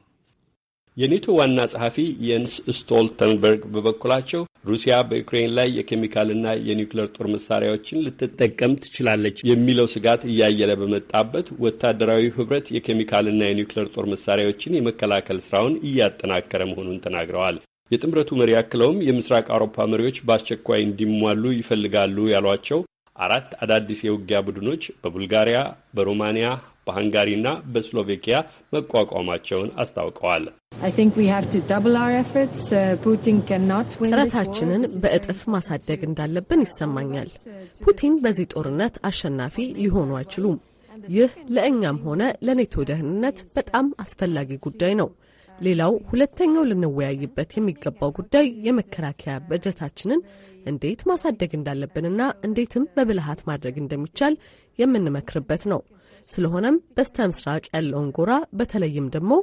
የኔቶ ዋና ጸሐፊ የንስ ስቶልተንበርግ በበኩላቸው ሩሲያ በዩክሬን ላይ የኬሚካልና የኒውክሌር ጦር መሳሪያዎችን ልትጠቀም ትችላለች የሚለው ስጋት እያየለ በመጣበት ወታደራዊ ህብረት የኬሚካልና የኒውክሌር ጦር መሳሪያዎችን የመከላከል ስራውን እያጠናከረ መሆኑን ተናግረዋል። የጥምረቱ መሪ አክለውም የምስራቅ አውሮፓ መሪዎች በአስቸኳይ እንዲሟሉ ይፈልጋሉ ያሏቸው አራት አዳዲስ የውጊያ ቡድኖች በቡልጋሪያ፣ በሮማንያ፣ በሃንጋሪና በስሎቬኪያ መቋቋማቸውን አስታውቀዋል። uh, ጥረታችንን በእጥፍ ማሳደግ እንዳለብን ይሰማኛል። ፑቲን በዚህ ጦርነት አሸናፊ ሊሆኑ አይችሉም። ይህ ለእኛም ሆነ ለኔቶ ደህንነት በጣም አስፈላጊ ጉዳይ ነው። ሌላው ሁለተኛው ልንወያይበት የሚገባው ጉዳይ የመከላከያ በጀታችንን እንዴት ማሳደግ እንዳለብንና እንዴትም በብልሃት ማድረግ እንደሚቻል የምንመክርበት ነው። ስለሆነም በስተ ምስራቅ ያለውን ጎራ በተለይም ደግሞ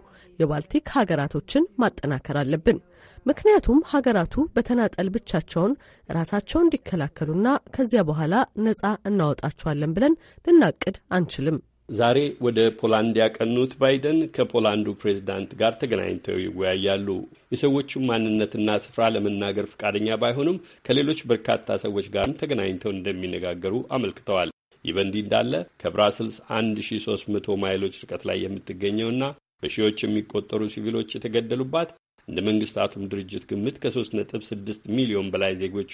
የባልቲክ ሀገራቶችን ማጠናከር አለብን። ምክንያቱም ሀገራቱ በተናጠል ብቻቸውን ራሳቸውን እንዲከላከሉና ከዚያ በኋላ ነጻ እናወጣቸዋለን ብለን ልናቅድ አንችልም። ዛሬ ወደ ፖላንድ ያቀኑት ባይደን ከፖላንዱ ፕሬዝዳንት ጋር ተገናኝተው ይወያያሉ። የሰዎቹን ማንነትና ስፍራ ለመናገር ፈቃደኛ ባይሆኑም ከሌሎች በርካታ ሰዎች ጋርም ተገናኝተው እንደሚነጋገሩ አመልክተዋል። ይህ በእንዲህ እንዳለ ከብራስልስ 1300 ማይሎች ርቀት ላይ የምትገኘውና በሺዎች የሚቆጠሩ ሲቪሎች የተገደሉባት እንደ መንግስታቱም ድርጅት ግምት ከ3.6 ሚሊዮን በላይ ዜጎቿ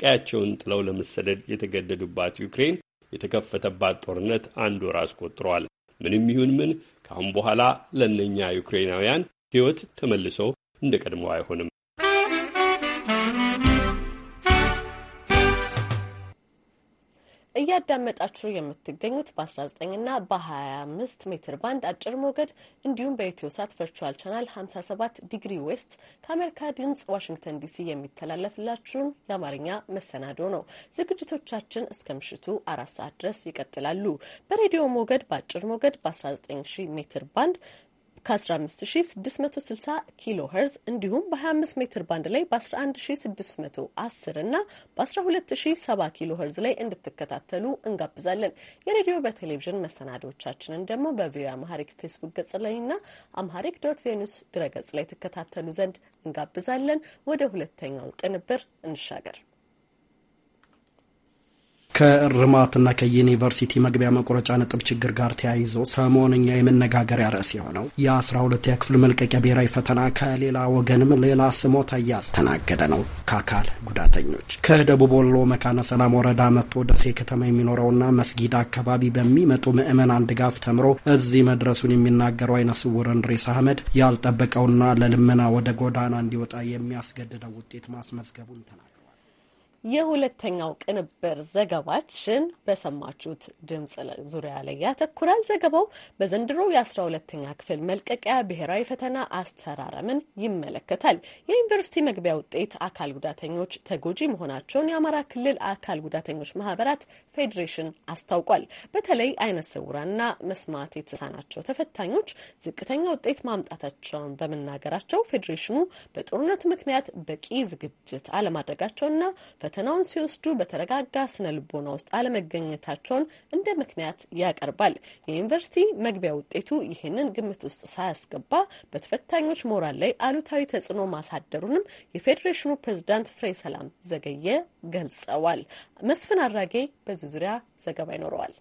ቀያቸውን ጥለው ለመሰደድ የተገደዱባት ዩክሬን የተከፈተባት ጦርነት አንድ ወር አስቆጥሯል። ምንም ይሁን ምን ከአሁን በኋላ ለእነኛ ዩክሬናውያን ሕይወት ተመልሶ እንደ ቀድሞ አይሆንም። እያዳመጣችሁ የምትገኙት በ19 ና በ25 ሜትር ባንድ አጭር ሞገድ እንዲሁም በኢትዮ ሳት ቨርቹዋል ቻናል 57 ዲግሪ ዌስት ከአሜሪካ ድምጽ ዋሽንግተን ዲሲ የሚተላለፍላችሁን የአማርኛ መሰናዶ ነው። ዝግጅቶቻችን እስከ ምሽቱ አራት ሰዓት ድረስ ይቀጥላሉ። በሬዲዮ ሞገድ በአጭር ሞገድ በ19 ሺህ ሜትር ባንድ ከ15660 ኪሎ ሄርዝ እንዲሁም በ25 ሜትር ባንድ ላይ በ11610 እና በ12070 ኪሎ ሄርዝ ላይ እንድትከታተሉ እንጋብዛለን። የሬዲዮ በቴሌቪዥን መሰናዶቻችንን ደግሞ በቪኦኤ አምሃሪክ ፌስቡክ ገጽ ላይ እና አምሃሪክ ዶት ቬኒስ ድረገጽ ላይ ትከታተሉ ዘንድ እንጋብዛለን። ወደ ሁለተኛው ቅንብር እንሻገር። ከእርማትና ከዩኒቨርሲቲ መግቢያ መቁረጫ ነጥብ ችግር ጋር ተያይዞ ሰሞንኛ የመነጋገሪያ ርዕስ የሆነው የአስራ ሁለተኛ ክፍል መልቀቂያ ብሔራዊ ፈተና ከሌላ ወገንም ሌላ ስሞታ እያስተናገደ ነው። ከአካል ጉዳተኞች ከደቡብ ወሎ መካነ ሰላም ወረዳ መጥቶ ደሴ ከተማ የሚኖረውና መስጊድ አካባቢ በሚመጡ ምዕመናን ድጋፍ ተምሮ እዚህ መድረሱን የሚናገረው አይነ ስውርን ሬስ አህመድ ያልጠበቀውና ለልመና ወደ ጎዳና እንዲወጣ የሚያስገድደው ውጤት ማስመዝገቡን ተናል የሁለተኛው ቅንብር ዘገባችን በሰማችሁት ድምጽ ዙሪያ ላይ ያተኩራል። ዘገባው በዘንድሮ የአስራ ሁለተኛ ክፍል መልቀቂያ ብሔራዊ ፈተና አስተራረምን ይመለከታል። የዩኒቨርሲቲ መግቢያ ውጤት አካል ጉዳተኞች ተጎጂ መሆናቸውን የአማራ ክልል አካል ጉዳተኞች ማህበራት ፌዴሬሽን አስታውቋል። በተለይ አይነ ስውራና መስማት የተሳናቸው ተፈታኞች ዝቅተኛ ውጤት ማምጣታቸውን በመናገራቸው ፌዴሬሽኑ በጦርነቱ ምክንያት በቂ ዝግጅት አለማድረጋቸውና ፈተናውን ሲወስዱ በተረጋጋ ስነ ልቦና ውስጥ አለመገኘታቸውን እንደ ምክንያት ያቀርባል። የዩኒቨርሲቲ መግቢያ ውጤቱ ይህንን ግምት ውስጥ ሳያስገባ በተፈታኞች ሞራል ላይ አሉታዊ ተጽዕኖ ማሳደሩንም የፌዴሬሽኑ ፕሬዝዳንት ፍሬ ሰላም ዘገየ ገልጸዋል። መስፍን አድራጌ በዚህ ዙሪያ ዘገባ ይኖረዋል።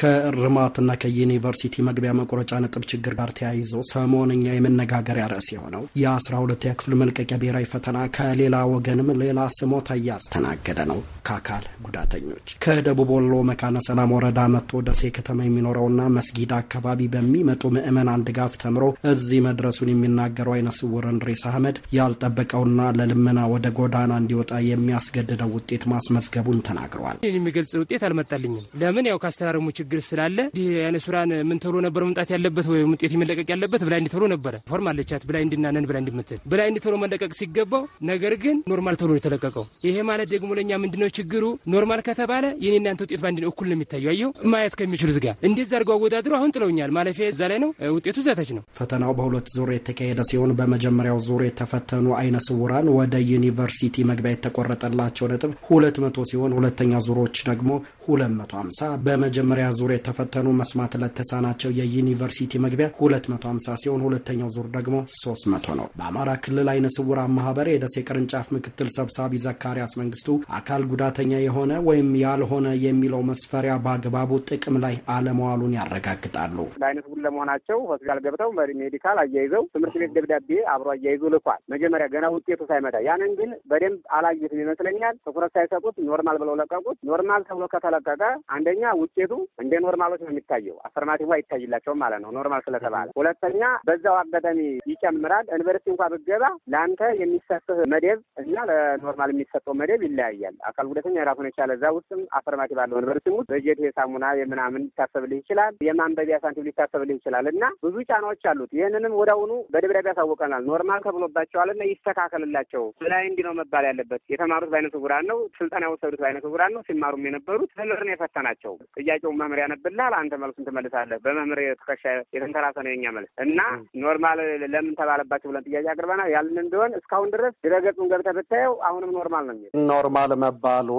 ከእርማትና ከዩኒቨርሲቲ መግቢያ መቁረጫ ነጥብ ችግር ጋር ተያይዞ ሰሞንኛ የመነጋገሪያ ርዕስ የሆነው የአስራ ሁለተኛ ክፍል መልቀቂያ ብሔራዊ ፈተና ከሌላ ወገንም ሌላ ስሞታ እያስተናገደ ነው። ከአካል ጉዳተኞች ከደቡብ ወሎ መካነ ሰላም ወረዳ መጥቶ ደሴ ከተማ የሚኖረውና መስጊድ አካባቢ በሚመጡ ምዕመናን ድጋፍ ተምሮ እዚህ መድረሱን የሚናገረው አይነ ስውርን ሬስ አህመድ ያልጠበቀውና ለልመና ወደ ጎዳና እንዲወጣ የሚያስገድደው ውጤት ማስመዝገቡን ተናግረዋል። የሚገልጽ ውጤት አልመጣልኝም። ለምን ያው ከአስተራረሙ ችግር ስላለ እንዲህ አይነት ሱራን ምን ተብሎ ነበር መምጣት ያለበት ወይም ውጤት መለቀቅ ያለበት ብላይንድ ተብሎ ነበረ። ፎርም አለቻት ብላይንድ እና ነን ብላይንድ የምትል ብላይንድ ተብሎ መለቀቅ ሲገባው ነገር ግን ኖርማል ተብሎ የተለቀቀው። ይሄ ማለት ደግሞ ለእኛ ምንድነው ችግሩ? ኖርማል ከተባለ የኔ እናንተ ውጤት በአንድ እኩል ነው የሚታየው። አየው ማየት ከሚችሉ ዝጋ እንዴት ዛርገ አወዳድሮ አሁን ጥለውኛል። ማለፊያ እዛ ላይ ነው፣ ውጤቱ ዘተች ነው። ፈተናው በሁለት ዙር የተካሄደ ሲሆን በመጀመሪያው ዙር የተፈተኑ አይነ ስውራን ወደ ዩኒቨርሲቲ መግቢያ የተቆረጠላቸው ነጥብ ሁለት መቶ ሲሆን ሁለተኛ ዙሮች ደግሞ ሁለት መቶ ሀምሳ በመጀመሪያ በ ዙር የተፈተኑ መስማት ለተሳናቸው የዩኒቨርሲቲ መግቢያ 250 ሲሆን ሁለተኛው ዙር ደግሞ 300 ነው። በአማራ ክልል አይነ ስውራን ማህበር የደሴ ቅርንጫፍ ምክትል ሰብሳቢ ዘካሪያስ መንግስቱ አካል ጉዳተኛ የሆነ ወይም ያልሆነ የሚለው መስፈሪያ በአግባቡ ጥቅም ላይ አለመዋሉን ያረጋግጣሉ። ለአይነት ለመሆናቸው ሆስፒታል ገብተው ሜዲካል አያይዘው ትምህርት ቤት ደብዳቤ አብሮ አያይዞ ልኳል። መጀመሪያ ገና ውጤቱ ሳይመጣ ያንን ግን በደንብ አላዩትም ይመስለኛል። ትኩረት ሳይሰጡት ኖርማል ብለው ለቀቁት። ኖርማል ተብሎ ከተለቀቀ አንደኛ ውጤቱ እንደ ኖርማሎች ነው የሚታየው። አፈርማቲቭ አይታይላቸውም ማለት ነው ኖርማል ስለተባለ። ሁለተኛ በዛው አጋጣሚ ይጨምራል። ዩኒቨርሲቲ እንኳ ብገባ ለአንተ የሚሰጥህ መደብ እና ለኖርማል የሚሰጠው መደብ ይለያያል። አካል ጉዳተኛ የራሱን የቻለ እዛ ውስጥም አፈርማቲቭ አለው ዩኒቨርሲቲ ውስጥ በጀት የሳሙና የምናምን ሊታሰብልህ ይችላል። የማንበቢያ ሳንቲም ሊታሰብልህ ይችላል እና ብዙ ጫናዎች አሉት። ይህንንም ወዳውኑ በደብዳቤ ያሳወቀናል። ኖርማል ተብሎባቸዋል እና ይስተካከልላቸው ላይ እንዲህ ነው መባል ያለበት። የተማሩት በአይነት ጉራን ነው። ስልጠና የወሰዱት በአይነት ጉራን ነው። ሲማሩም የነበሩት ትምህርት ነው የፈተናቸው ጥያቄው መምህር ያነብልሃል፣ አንተ መልሱን ትመልሳለህ። በመምህር ትከሻ የተንተራሰ ነው የኛ መልስ እና ኖርማል ለምን ተባለባቸው ብለን ጥያቄ አቅርበናል። ያልን እንደሆን እስካሁን ድረስ ድረገጹን ገብተህ ብታየው አሁንም ኖርማል ነው የሚል ኖርማል መባሉ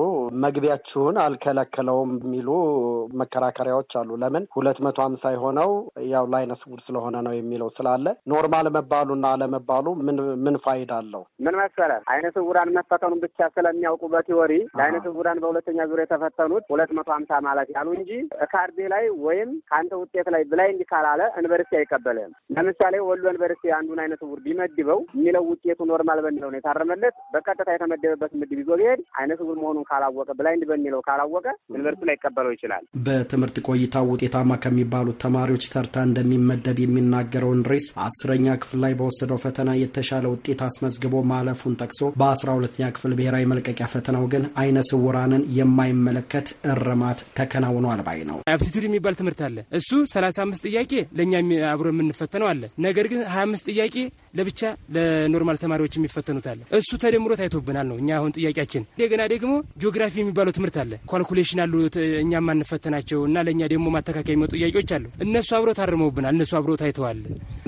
መግቢያችሁን አልከለከለውም የሚሉ መከራከሪያዎች አሉ። ለምን ሁለት መቶ ሀምሳ የሆነው ያው ላይነ ስውር ስለሆነ ነው የሚለው ስላለ ኖርማል መባሉና አለመባሉ ምን ምን ፋይዳ አለው? ምን መሰለህ አይነ ስውራን መፈተኑን ብቻ ስለሚያውቁ በቲዎሪ ለአይነ ስውራን በሁለተኛ ዙር የተፈተኑት ሁለት መቶ ሀምሳ ማለት ያሉ እንጂ ካርዴ ላይ ወይም ከአንተ ውጤት ላይ ብላይንድ ካላለ ዩኒቨርሲቲ አይቀበልህም። ለምሳሌ ወሎ ዩኒቨርሲቲ አንዱን አይነት ዕውር ቢመድበው የሚለው ውጤቱ ኖርማል በሚለው ነው የታረመለት። በቀጥታ የተመደበበት ምድብ ይዞ ቢሄድ አይነት ዕውር መሆኑን ካላወቀ፣ ብላይንድ በሚለው ካላወቀ ዩኒቨርሲቲ ላይ ይቀበለው ይችላል። በትምህርት ቆይታ ውጤታማ ከሚባሉት ተማሪዎች ተርታ እንደሚመደብ የሚናገረውን ሬስ አስረኛ ክፍል ላይ በወሰደው ፈተና የተሻለ ውጤት አስመዝግቦ ማለፉን ጠቅሶ በአስራ ሁለተኛ ክፍል ብሔራዊ መልቀቂያ ፈተናው ግን አይነ ስውራንን የማይመለከት እርማት ተከናውኗል ባይ ነው። ነው። አፕቲቱድ የሚባል ትምህርት አለ። እሱ 35 ጥያቄ ለእኛ አብሮ የምንፈተነው አለ። ነገር ግን 25 ጥያቄ ለብቻ ለኖርማል ተማሪዎች የሚፈተኑት አለ። እሱ ተደምሮ ታይቶብናል ነው እኛ አሁን ጥያቄያችን። እንደገና ደግሞ ጂኦግራፊ የሚባለው ትምህርት አለ። ኳልኩሌሽን አሉ እኛ ማንፈተናቸው እና ለእኛ ደግሞ ማተካከያ የሚመጡ ጥያቄዎች አሉ። እነሱ አብሮ ታርመውብናል። እነሱ አብሮ ታይተዋል።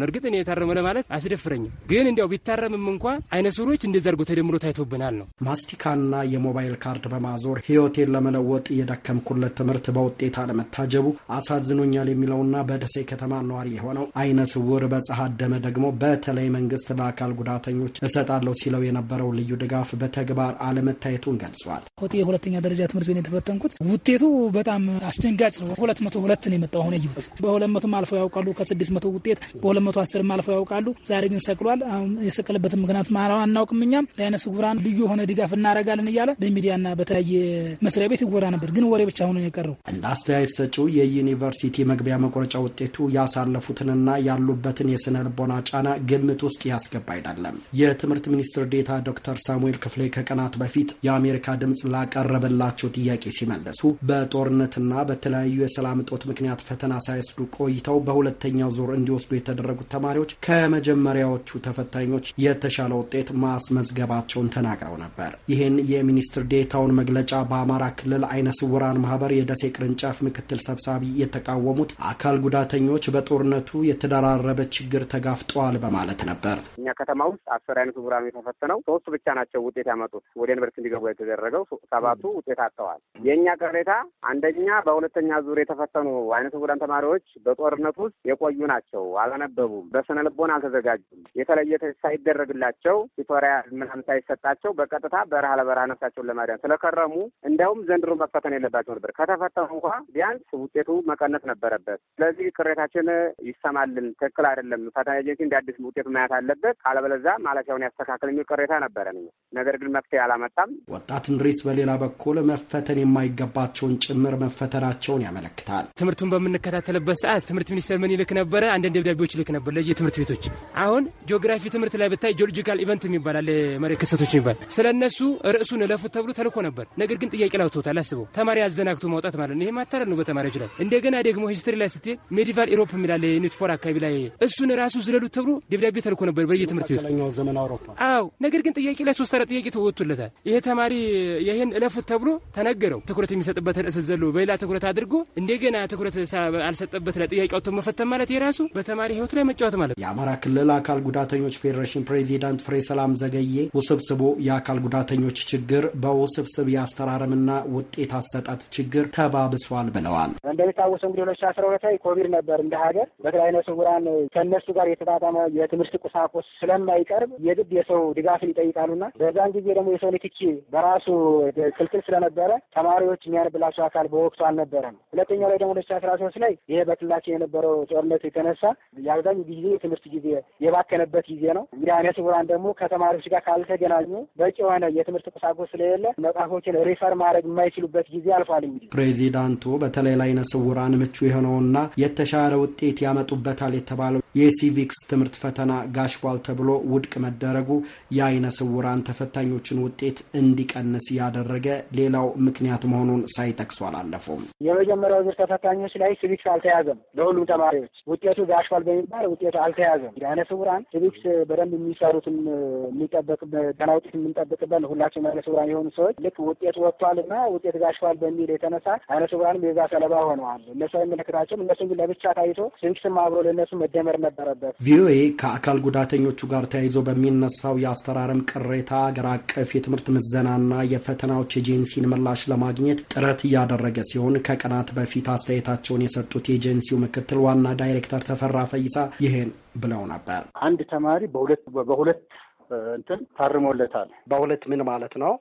እርግጥ እኔ የታረመ ለማለት አስደፍረኝም፣ ግን እንዲያው ቢታረምም እንኳ አይነ ስውሮች እንደዚ አድርጎ ተደምሮ ታይቶብናል ነው ማስቲካና የሞባይል ካርድ በማዞር ህይወቴን ለመለወጥ የደከምኩለት ትምህርት በውጤት አለ መታጀቡ አሳዝኖኛል የሚለውና በደሴ ከተማ ነዋሪ የሆነው አይነ ስውር በጸሐት ደመ ደግሞ በተለይ መንግስት ለአካል ጉዳተኞች እሰጣለሁ ሲለው የነበረው ልዩ ድጋፍ በተግባር አለመታየቱን ገልጿል። ሆቴ የሁለተኛ ደረጃ ትምህርት ቤት የተፈተንኩት ውጤቱ በጣም አስደንጋጭ ነው። ሁለት መቶ ሁለት ነው የመጣው። አሁን ይሁት በሁለት መቶም አልፈው ያውቃሉ። ከስድስት መቶ ውጤት በሁለት መቶ አስርም አልፈው ያውቃሉ። ዛሬ ግን ሰቅሏል። አሁን የሰቀለበትን ምክንያት አናውቅም። እኛም ለአይነ ስውራን ልዩ የሆነ ድጋፍ እናደርጋለን እያለ በሚዲያና በተለያየ መስሪያ ቤት ይወራ ነበር። ግን ወሬ ብቻ ሆኖ የቀረው እንደ አስተያየት ሰጪው የዩኒቨርሲቲ መግቢያ መቁረጫ ውጤቱ ያሳለፉትንና ያሉበትን የስነ ልቦና ጫና ግምት ውስጥ ያስገባ አይደለም። የትምህርት ሚኒስትር ዴታ ዶክተር ሳሙኤል ክፍሌ ከቀናት በፊት የአሜሪካ ድምፅ ላቀረበላቸው ጥያቄ ሲመለሱ በጦርነትና በተለያዩ የሰላም እጦት ምክንያት ፈተና ሳይወስዱ ቆይተው በሁለተኛው ዙር እንዲወስዱ የተደረጉት ተማሪዎች ከመጀመሪያዎቹ ተፈታኞች የተሻለ ውጤት ማስመዝገባቸውን ተናግረው ነበር። ይህን የሚኒስትር ዴታውን መግለጫ በአማራ ክልል አይነ ስውራን ማህበር የደሴ ቅርንጫፍ ምክትል ሰብሳቢ የተቃወሙት አካል ጉዳተኞች በጦርነቱ የተደራረበ ችግር ተጋፍጠዋል በማለት ነበር። እኛ ከተማ ውስጥ አስር አይነት ፕሮግራም የተፈተነው ሶስቱ ብቻ ናቸው ውጤት ያመጡት ወደ ዩኒቨርስቲ እንዲገቡ የተደረገው ሰባቱ ውጤት አጥተዋል። የእኛ ቅሬታ አንደኛ በሁለተኛ ዙር የተፈተኑ አይነት ፕሮግራም ተማሪዎች በጦርነቱ ውስጥ የቆዩ ናቸው። አላነበቡም፣ በስነ ልቦን አልተዘጋጁም። የተለየ ሳይደረግላቸው ቱቶሪያ ምናምን ሳይሰጣቸው በቀጥታ በረሃ ለበረሃ ነፍሳቸውን ለማዳን ስለከረሙ እንዲያውም ዘንድሮ መፈተን የለባቸው ነበር ከተፈተኑ እንኳ ቢያንስ ውጤቱ መቀነስ ነበረበት። ስለዚህ ቅሬታችን ይሰማልን፣ ትክክል አይደለም፣ ፈተና ኤጀንሲ እንደ አዲስ ውጤቱ ማየት አለበት፣ ካለበለዚያ ማለፊያውን ያስተካክል የሚል ቅሬታ ነበረ። ነገር ግን መፍትሄ አላመጣም። ወጣት እንድሪስ በሌላ በኩል መፈተን የማይገባቸውን ጭምር መፈተናቸውን ያመለክታል። ትምህርቱን በምንከታተልበት ሰዓት ትምህርት ሚኒስቴር ምን ይልክ ነበረ? አንዳንድ ደብዳቤዎች ይልክ ነበር ለየ ትምህርት ቤቶች። አሁን ጂኦግራፊ ትምህርት ላይ ብታይ ጂኦሎጂካል ኢቨንት የሚባላል መሬት ክስተቶች የሚባል ስለ እነሱ ርዕሱን እለፉት ተብሎ ተልኮ ነበር። ነገር ግን ጥያቄ ላውቶታል። አስበው ተማሪ አዘናግቶ ማውጣት ማለት ነው። ይሄ መማረር ነው በተማሪዎች ላይ። እንደገና ደግሞ ሂስትሪ ላይ ስትሄድ ሜዲቫል ኢሮፕ የሚላለ ኒትፎር አካባቢ ላይ እሱን ራሱ ዝለሉት ተብሎ ደብዳቤ ተልኮ ነበር በየትምህርት ቤቱ። አዎ፣ ነገር ግን ጥያቄ ላይ ሶስት አራት ጥያቄ ተወጥቶለታል። ይሄ ተማሪ ይህን እለፉት ተብሎ ተነገረው። ትኩረት የሚሰጥበት ርዕስ ዘሎ በሌላ ትኩረት አድርጎ እንደገና ትኩረት አልሰጠበት ለጥያቄ አውጥቶ መፈተን ማለት የራሱ በተማሪ ህይወት ላይ መጫወት ማለት ነው። የአማራ ክልል አካል ጉዳተኞች ፌዴሬሽን ፕሬዚዳንት ፍሬ ሰላም ዘገዬ ውስብስቡ የአካል ጉዳተኞች ችግር በውስብስብ የአስተራረምና ውጤት አሰጣት ችግር ተባብሷል ይሆናል ብለዋል። እንደሚታወሰው እንግዲህ ሁለት ሺ አስራ ሁለት ላይ ኮቪድ ነበር እንደ ሀገር በተለይ አይነ ስውራን ከእነሱ ጋር የተጣጣመ የትምህርት ቁሳቁስ ስለማይቀርብ የግድ የሰው ድጋፍን ይጠይቃሉና በዛን ጊዜ ደግሞ የሰው ንክኪ በራሱ ክልክል ስለነበረ ተማሪዎች የሚያንብላቸው አካል በወቅቱ አልነበረም። ሁለተኛው ላይ ደግሞ ሁለት ሺ አስራ ሶስት ላይ ይሄ በክልላችን የነበረው ጦርነት የተነሳ የአብዛኛው ጊዜ የትምህርት ጊዜ የባከነበት ጊዜ ነው። እንግዲህ አይነ ስውራን ደግሞ ከተማሪዎች ጋር ካልተገናኙ በቂ የሆነ የትምህርት ቁሳቁስ ስለሌለ መጽሐፎችን ሪፈር ማድረግ የማይችሉበት ጊዜ አልፏል። እንግዲህ ፕሬዚዳንቱ በተለይ ለአይነ ስውራን ምቹ የሆነውና የተሻለ ውጤት ያመጡበታል የተባለው የሲቪክስ ትምህርት ፈተና ጋሽቧል ተብሎ ውድቅ መደረጉ የአይነ ስውራን ተፈታኞችን ውጤት እንዲቀንስ ያደረገ ሌላው ምክንያት መሆኑን ሳይጠቅሱ አላለፉም። የመጀመሪያው ዙር ተፈታኞች ላይ ሲቪክስ አልተያዘም። ለሁሉም ተማሪዎች ውጤቱ ጋሽፏል በሚባል ውጤቱ አልተያዘም። የአይነ ስውራን ሲቪክስ በደንብ የሚሰሩትን የሚጠበቅ ገና ውጤት የምንጠብቅበት ሁላችንም አይነ ስውራን የሆኑ ሰዎች ልክ ውጤቱ ወጥቷል እና ውጤት ጋሽፏል በሚል የተነሳ አይነ ስውራንም የዛ ሰለባ ሆነዋል። እነሱ አይመለከታቸውም። እነሱ ግን ለብቻ ታይቶ ስንክስም አብሮ ለእነሱ መደመር ነበረበት። ቪኦኤ ከአካል ጉዳተኞቹ ጋር ተያይዞ በሚነሳው የአስተራረም ቅሬታ አገር አቀፍ የትምህርት ምዘናና የፈተናዎች ኤጀንሲን ምላሽ ለማግኘት ጥረት እያደረገ ሲሆን ከቀናት በፊት አስተያየታቸውን የሰጡት የኤጀንሲው ምክትል ዋና ዳይሬክተር ተፈራ ፈይሳ ይህን ብለው ነበር። አንድ ተማሪ በሁለት በሁለት እንትን ታርሞለታል። በሁለት ምን ማለት ነው?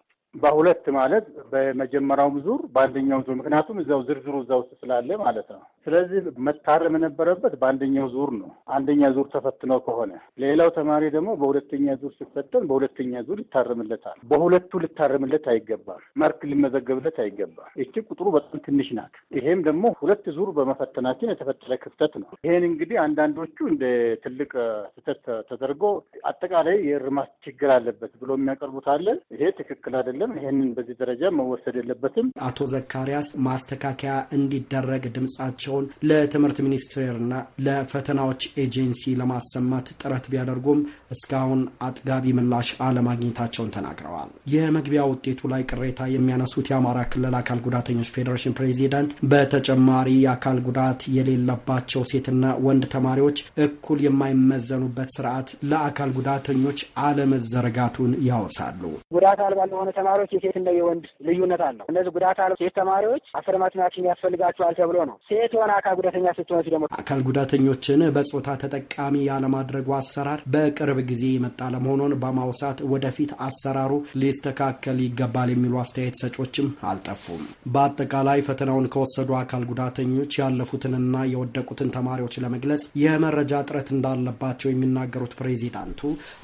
በሁለት ማለት በመጀመሪያውም ዙር በአንደኛው ዙር ምክንያቱም እዚያው ዝርዝሩ እዛ ውስጥ ስላለ ማለት ነው። ስለዚህ መታረም የነበረበት በአንደኛው ዙር ነው። አንደኛ ዙር ተፈትኖ ከሆነ ሌላው ተማሪ ደግሞ በሁለተኛ ዙር ሲፈተን በሁለተኛ ዙር ይታረምለታል። በሁለቱ ልታረምለት አይገባም። መርክ ሊመዘገብለት አይገባም። ይቺ ቁጥሩ በጣም ትንሽ ናት። ይሄም ደግሞ ሁለት ዙር በመፈተናችን የተፈጠረ ክፍተት ነው። ይሄን እንግዲህ አንዳንዶቹ እንደ ትልቅ ስህተት ተደርጎ አጠቃላይ የእርማት ችግር አለበት ብሎ የሚያቀርቡት አለ። ይሄ ትክክል አይደለም። አይደለም። ይህንን በዚህ ደረጃ መወሰድ የለበትም። አቶ ዘካሪያስ ማስተካከያ እንዲደረግ ድምጻቸውን ለትምህርት ሚኒስቴርና ለፈተናዎች ኤጀንሲ ለማሰማት ጥረት ቢያደርጉም እስካሁን አጥጋቢ ምላሽ አለማግኘታቸውን ተናግረዋል። የመግቢያ ውጤቱ ላይ ቅሬታ የሚያነሱት የአማራ ክልል አካል ጉዳተኞች ፌዴሬሽን ፕሬዚዳንት በተጨማሪ የአካል ጉዳት የሌለባቸው ሴትና ወንድ ተማሪዎች እኩል የማይመዘኑበት ስርዓት ለአካል ጉዳተኞች አለመዘረጋቱን ያወሳሉ። ጉዳት አልባ ለሆነ ተማሪዎች የሴትና የወንድ ልዩነት አለው። እነዚህ ጉዳት አለ። ሴት ተማሪዎች አስር አክሽን ያስፈልጋቸዋል ተብሎ ነው። ሴት የሆነ አካል ጉዳተኛ ስትሆን ደግሞ አካል ጉዳተኞችን በጾታ ተጠቃሚ ያለማድረጉ አሰራር በቅርብ ጊዜ የመጣ ለመሆኑን በማውሳት ወደፊት አሰራሩ ሊስተካከል ይገባል የሚሉ አስተያየት ሰጮችም አልጠፉም። በአጠቃላይ ፈተናውን ከወሰዱ አካል ጉዳተኞች ያለፉትንና የወደቁትን ተማሪዎች ለመግለጽ የመረጃ እጥረት እንዳለባቸው የሚናገሩት ፕሬዚዳንቱ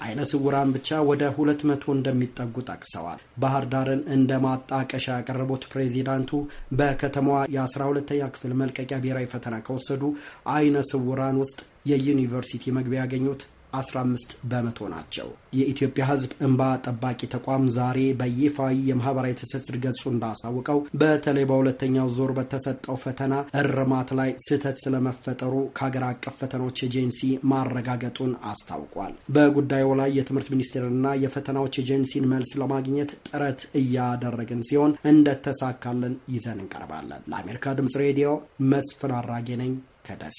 አይነ ስውራን ብቻ ወደ ሁለት መቶ እንደሚጠጉ ጠቅሰዋል። ባህር ዳርን እንደ ማጣቀሻ ያቀረቡት ፕሬዚዳንቱ በከተማዋ የ12ተኛ ክፍል መልቀቂያ ብሔራዊ ፈተና ከወሰዱ አይነ ስውራን ውስጥ የዩኒቨርሲቲ መግቢያ ያገኙት 15 በመቶ ናቸው። የኢትዮጵያ ሕዝብ እንባ ጠባቂ ተቋም ዛሬ በይፋዊ የማህበራዊ ትስስር ገጹ እንዳሳውቀው በተለይ በሁለተኛው ዞር በተሰጠው ፈተና እርማት ላይ ስህተት ስለመፈጠሩ ከሀገር አቀፍ ፈተናዎች ኤጀንሲ ማረጋገጡን አስታውቋል። በጉዳዩ ላይ የትምህርት ሚኒስቴርና የፈተናዎች ኤጀንሲን መልስ ለማግኘት ጥረት እያደረግን ሲሆን እንደተሳካልን ይዘን እንቀርባለን። ለአሜሪካ ድምጽ ሬዲዮ መስፍን አራጌ ነኝ ከደሴ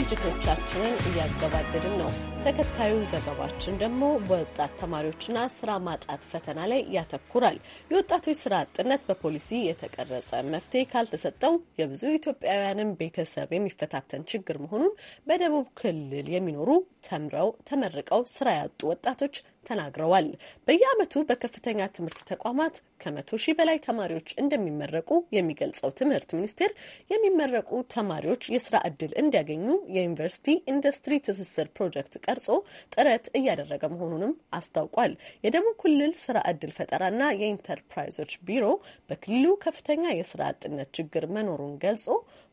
ዝግጅቶቻችንን እያገባደድን ነው። ተከታዩ ዘገባችን ደግሞ በወጣት ተማሪዎችና ስራ ማጣት ፈተና ላይ ያተኩራል። የወጣቶች ስራ አጥነት በፖሊሲ የተቀረጸ መፍትሄ ካልተሰጠው የብዙ ኢትዮጵያውያንን ቤተሰብ የሚፈታተን ችግር መሆኑን በደቡብ ክልል የሚኖሩ ተምረው ተመርቀው ስራ ያጡ ወጣቶች ተናግረዋል። በየዓመቱ በከፍተኛ ትምህርት ተቋማት ከመቶ ሺህ በላይ ተማሪዎች እንደሚመረቁ የሚገልጸው ትምህርት ሚኒስቴር የሚመረቁ ተማሪዎች የስራ እድል እንዲያገኙ የዩኒቨርሲቲ ኢንዱስትሪ ትስስር ፕሮጀክት ቀርጾ ጥረት እያደረገ መሆኑንም አስታውቋል። የደቡብ ክልል ስራ እድል ፈጠራና የኢንተርፕራይዞች ቢሮ በክልሉ ከፍተኛ የስራ አጥነት ችግር መኖሩን ገልጾ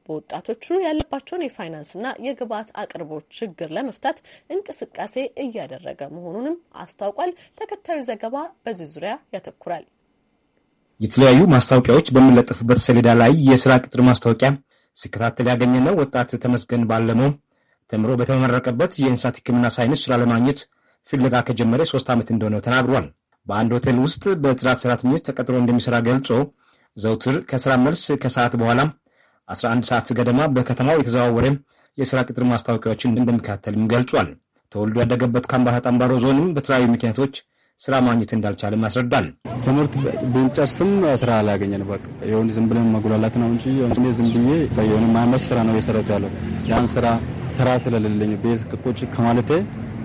በወጣቶቹ ያለባቸውን የፋይናንስና የግብዓት አቅርቦት ችግር ለመፍታት እንቅስቃሴ እያደረገ መሆኑንም አስታውቋል። ተከታዩ ዘገባ በዚህ ዙሪያ ያተኩራል። የተለያዩ ማስታወቂያዎች በሚለጠፉበት ሰሌዳ ላይ የስራ ቅጥር ማስታወቂያ ሲከታተል ያገኘነው ወጣት ተመስገን ባለመው ተምሮ በተመረቀበት የእንስሳት ሕክምና ሳይንስ ስራ ለማግኘት ፍለጋ ከጀመረ ሶስት ዓመት እንደሆነው ተናግሯል። በአንድ ሆቴል ውስጥ በጥራት ሰራተኞች ተቀጥሮ እንደሚሰራ ገልጾ ዘውትር ከስራ መልስ ከሰዓት በኋላ 11 ሰዓት ገደማ በከተማው የተዘዋወረ የስራ ቅጥር ማስታወቂያዎችን እንደሚከታተልም ገልጿል። ተወልዶ ያደገበት ካምባታ ጠምባሮ ዞንም በተለያዩ ምክንያቶች ስራ ማግኘት እንዳልቻለም ያስረዳል። ትምህርት ብንጨርስም ስራ አላገኘንም። በቃ የሆን ዝም ብለን መጉላላት ነው እንጂ እኔ ዝም ብዬ የሆነ ማይመስ ስራ ነው የሰራሁት ያለ ያን ስራ ስራ ስለሌለኝ ቤዝ ቁጭ ከማለቴ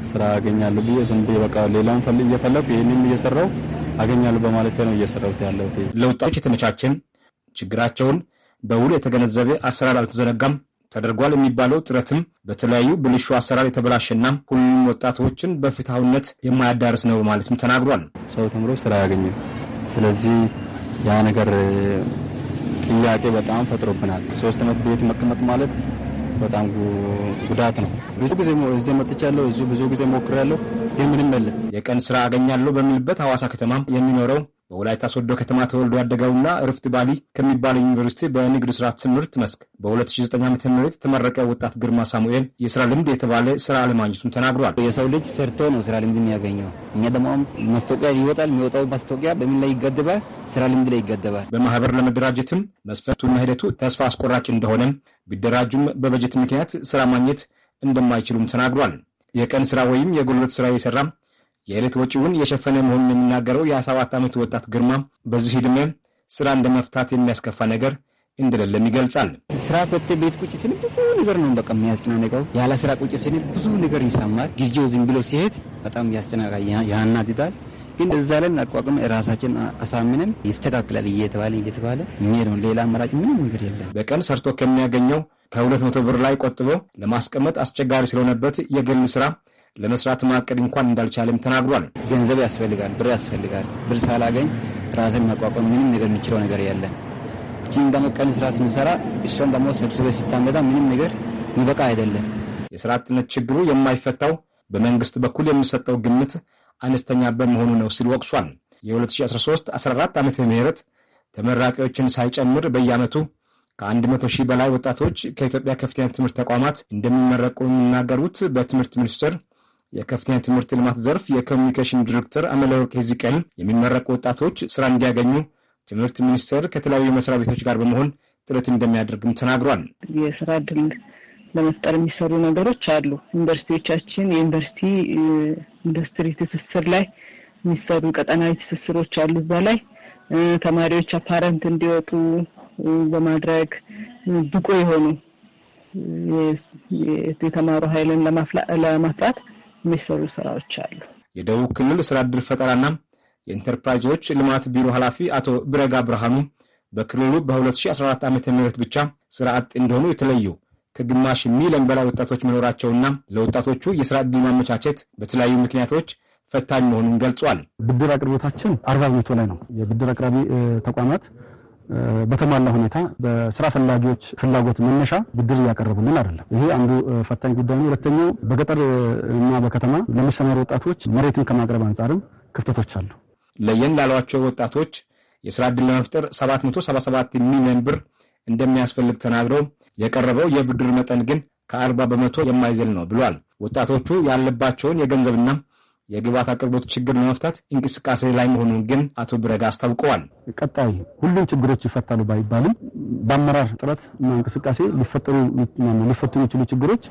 ስራ አገኛለሁ ብዬ ዝም ብዬ በቃ ሌላውን ፈል እየፈለጉ ይህንም እየሰራው አገኛሉ በማለቴ ነው እየሰራሁት ያለሁት። ለወጣቶች የተመቻችን ችግራቸውን በውል የተገነዘበ አሰራር አልተዘነጋም ተደርጓል የሚባለው ጥረትም በተለያዩ ብልሹ አሰራር የተበላሸና ሁሉም ወጣቶችን በፍትሐዊነት የማያዳርስ ነው በማለትም ተናግሯል። ሰው ተምሮ ስራ ያገኘ ስለዚህ ያ ነገር ጥያቄ በጣም ፈጥሮብናል። ሶስት ዓመት ቤት መቀመጥ ማለት በጣም ጉዳት ነው። ብዙ ጊዜ እዚህ መጥቻለሁ፣ ብዙ ጊዜ ሞክሬያለሁ፣ ግን ምንም የለም። የቀን ስራ አገኛለሁ በሚልበት ሐዋሳ ከተማ የሚኖረው በወላይታ ሶዶ ከተማ ተወልዶ ያደገውና ርፍት ባሊ ከሚባል ዩኒቨርሲቲ በንግድ ስራ ትምህርት መስክ በ2009 ዓ ም የተመረቀ ወጣት ግርማ ሳሙኤል የስራ ልምድ የተባለ ስራ አለማግኘቱን ተናግሯል። የሰው ልጅ ሰርቶ ነው ስራ ልምድ የሚያገኘው። እኛ ደግሞ ማስታወቂያ ይወጣል። የሚወጣው ማስታወቂያ በምን ላይ ይገደባል? ስራ ልምድ ላይ ይገደባል። በማህበር ለመደራጀትም መስፈርቱና ሂደቱ ተስፋ አስቆራጭ እንደሆነም ቢደራጁም በበጀት ምክንያት ስራ ማግኘት እንደማይችሉም ተናግሯል። የቀን ስራ ወይም የጉልበት ስራ የሰራም የዕለት ወጪውን የሸፈነ መሆኑን የሚናገረው የ27 ዓመት ወጣት ግርማ በዚህ ዕድሜ ስራ እንደ መፍታት የሚያስከፋ ነገር እንደሌለም ይገልጻል። ስራ ፈት ቤት ቁጭ ስን ብዙ ነገር ነው በቃ የሚያስጨናነቀው። ያለ ስራ ቁጭ ስን ብዙ ነገር ይሰማል። ጊዜው ዝም ብሎ ሲሄድ በጣም ያስጨናቃ ያናድዳል። ግን እዛ ላይ አቋቁም ራሳችን አሳምነን ይስተካክላል እየተባለ እየተባለ የሚሄደው ሌላ አማራጭ ምንም ነገር የለም። በቀን ሰርቶ ከሚያገኘው ከሁለት መቶ ብር ላይ ቆጥቦ ለማስቀመጥ አስቸጋሪ ስለሆነበት የግል ስራ ለመስራት ማቀድ እንኳን እንዳልቻለም ተናግሯል። ገንዘብ ያስፈልጋል፣ ብር ያስፈልጋል። ብር ሳላገኝ ራስን መቋቋም ምንም ነገር የሚችለው ነገር ያለ እችን በመቀን ስራ ስንሰራ እሷን ደግሞ ሰብስበ ስታመጣ ምንም ነገር ይበቃ አይደለም። የስራ አጥነት ችግሩ የማይፈታው በመንግስት በኩል የሚሰጠው ግምት አነስተኛ በመሆኑ ነው ሲል ወቅሷል። የ2013/14 ዓ ምህረት ተመራቂዎችን ሳይጨምር በየዓመቱ ከ100 ሺህ በላይ ወጣቶች ከኢትዮጵያ ከፍተኛ ትምህርት ተቋማት እንደሚመረቁ የሚናገሩት በትምህርት ሚኒስቴር የከፍተኛ ትምህርት ልማት ዘርፍ የኮሚኒኬሽን ዲሬክተር አመለወቅ ሂዝቅኤል የሚመረቁ ወጣቶች ስራ እንዲያገኙ ትምህርት ሚኒስቴር ከተለያዩ መስሪያ ቤቶች ጋር በመሆን ጥረት እንደሚያደርግም ተናግሯል። የስራ እድል ለመፍጠር የሚሰሩ ነገሮች አሉ። ዩኒቨርሲቲዎቻችን የዩኒቨርሲቲ ኢንዱስትሪ ትስስር ላይ የሚሰሩ ቀጠናዊ ትስስሮች አሉ። እዛ ላይ ተማሪዎች አፓረንት እንዲወጡ በማድረግ ብቁ የሆኑ የተማሩ ኃይልን ለማፍራት የሚሰሩ ስራዎች አሉ። የደቡብ ክልል ስራ እድል ፈጠራና የኢንተርፕራይዞች ልማት ቢሮ ኃላፊ አቶ ብረጋ ብርሃኑ በክልሉ በ2014 ዓ ም ብቻ ስራ አጥ እንደሆኑ የተለዩ ከግማሽ ሚሊዮን በላይ ወጣቶች መኖራቸውና ለወጣቶቹ የስራ ዕድል ማመቻቸት በተለያዩ ምክንያቶች ፈታኝ መሆኑን ገልጿል። ብድር አቅርቦታችን አርባ በመቶ ላይ ነው። የብድር አቅራቢ ተቋማት በተሟላ ሁኔታ በስራ ፈላጊዎች ፍላጎት መነሻ ብድር እያቀረቡልን አይደለም። ይሄ አንዱ ፈታኝ ጉዳይ ነው። ሁለተኛው በገጠር እና በከተማ ለሚሰማሩ ወጣቶች መሬትን ከማቅረብ አንጻርም ክፍተቶች አሉ። ለየን ላሏቸው ወጣቶች የስራ ዕድል ለመፍጠር 777 ሚሊዮን ብር እንደሚያስፈልግ ተናግረው የቀረበው የብድር መጠን ግን ከ40 በመቶ የማይዘል ነው ብሏል። ወጣቶቹ ያለባቸውን የገንዘብና የግብዓት አቅርቦት ችግር ለመፍታት እንቅስቃሴ ላይ መሆኑን ግን አቶ ብረጋ አስታውቀዋል። ቀጣይ ሁሉም ችግሮች ይፈታሉ ባይባልም በአመራር ጥረት እና እንቅስቃሴ ሊፈጠሩ ሊፈቱ የሚችሉ ችግሮች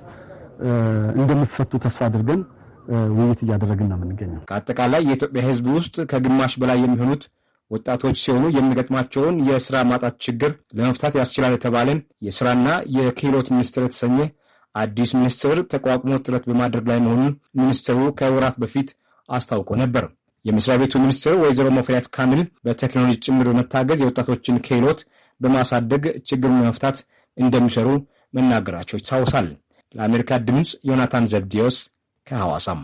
እንደሚፈቱ ተስፋ አድርገን ውይይት እያደረግን ነው የምንገኘው። ከአጠቃላይ የኢትዮጵያ ሕዝብ ውስጥ ከግማሽ በላይ የሚሆኑት ወጣቶች ሲሆኑ የሚገጥማቸውን የስራ ማጣት ችግር ለመፍታት ያስችላል የተባለ የስራና የክህሎት ሚኒስቴር የተሰኘ አዲስ ሚኒስቴር ተቋቁሞ ጥረት በማድረግ ላይ መሆኑን ሚኒስትሩ ከወራት በፊት አስታውቆ ነበር። የመስሪያ ቤቱ ሚኒስትር ወይዘሮ ሙፈሪያት ካሚል በቴክኖሎጂ ጭምር በመታገዝ የወጣቶችን ክህሎት በማሳደግ ችግር መፍታት እንደሚሰሩ መናገራቸው ይታወሳል። ለአሜሪካ ድምፅ ዮናታን ዘብዲዮስ ከሐዋሳም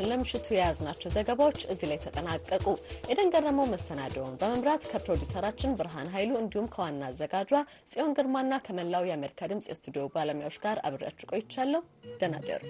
አድማጮቻችን ለምሽቱ የያዝናቸው ዘገባዎች እዚህ ላይ ተጠናቀቁ። ኤደን ገረመው መሰናደውን በመምራት ከፕሮዲውሰራችን ብርሃን ኃይሉ እንዲሁም ከዋና አዘጋጇ ጽዮን ግርማና ከመላው የአሜሪካ ድምጽ የስቱዲዮ ባለሙያዎች ጋር አብሬያችሁ ቆይቻለሁ። ደህና ደሩ።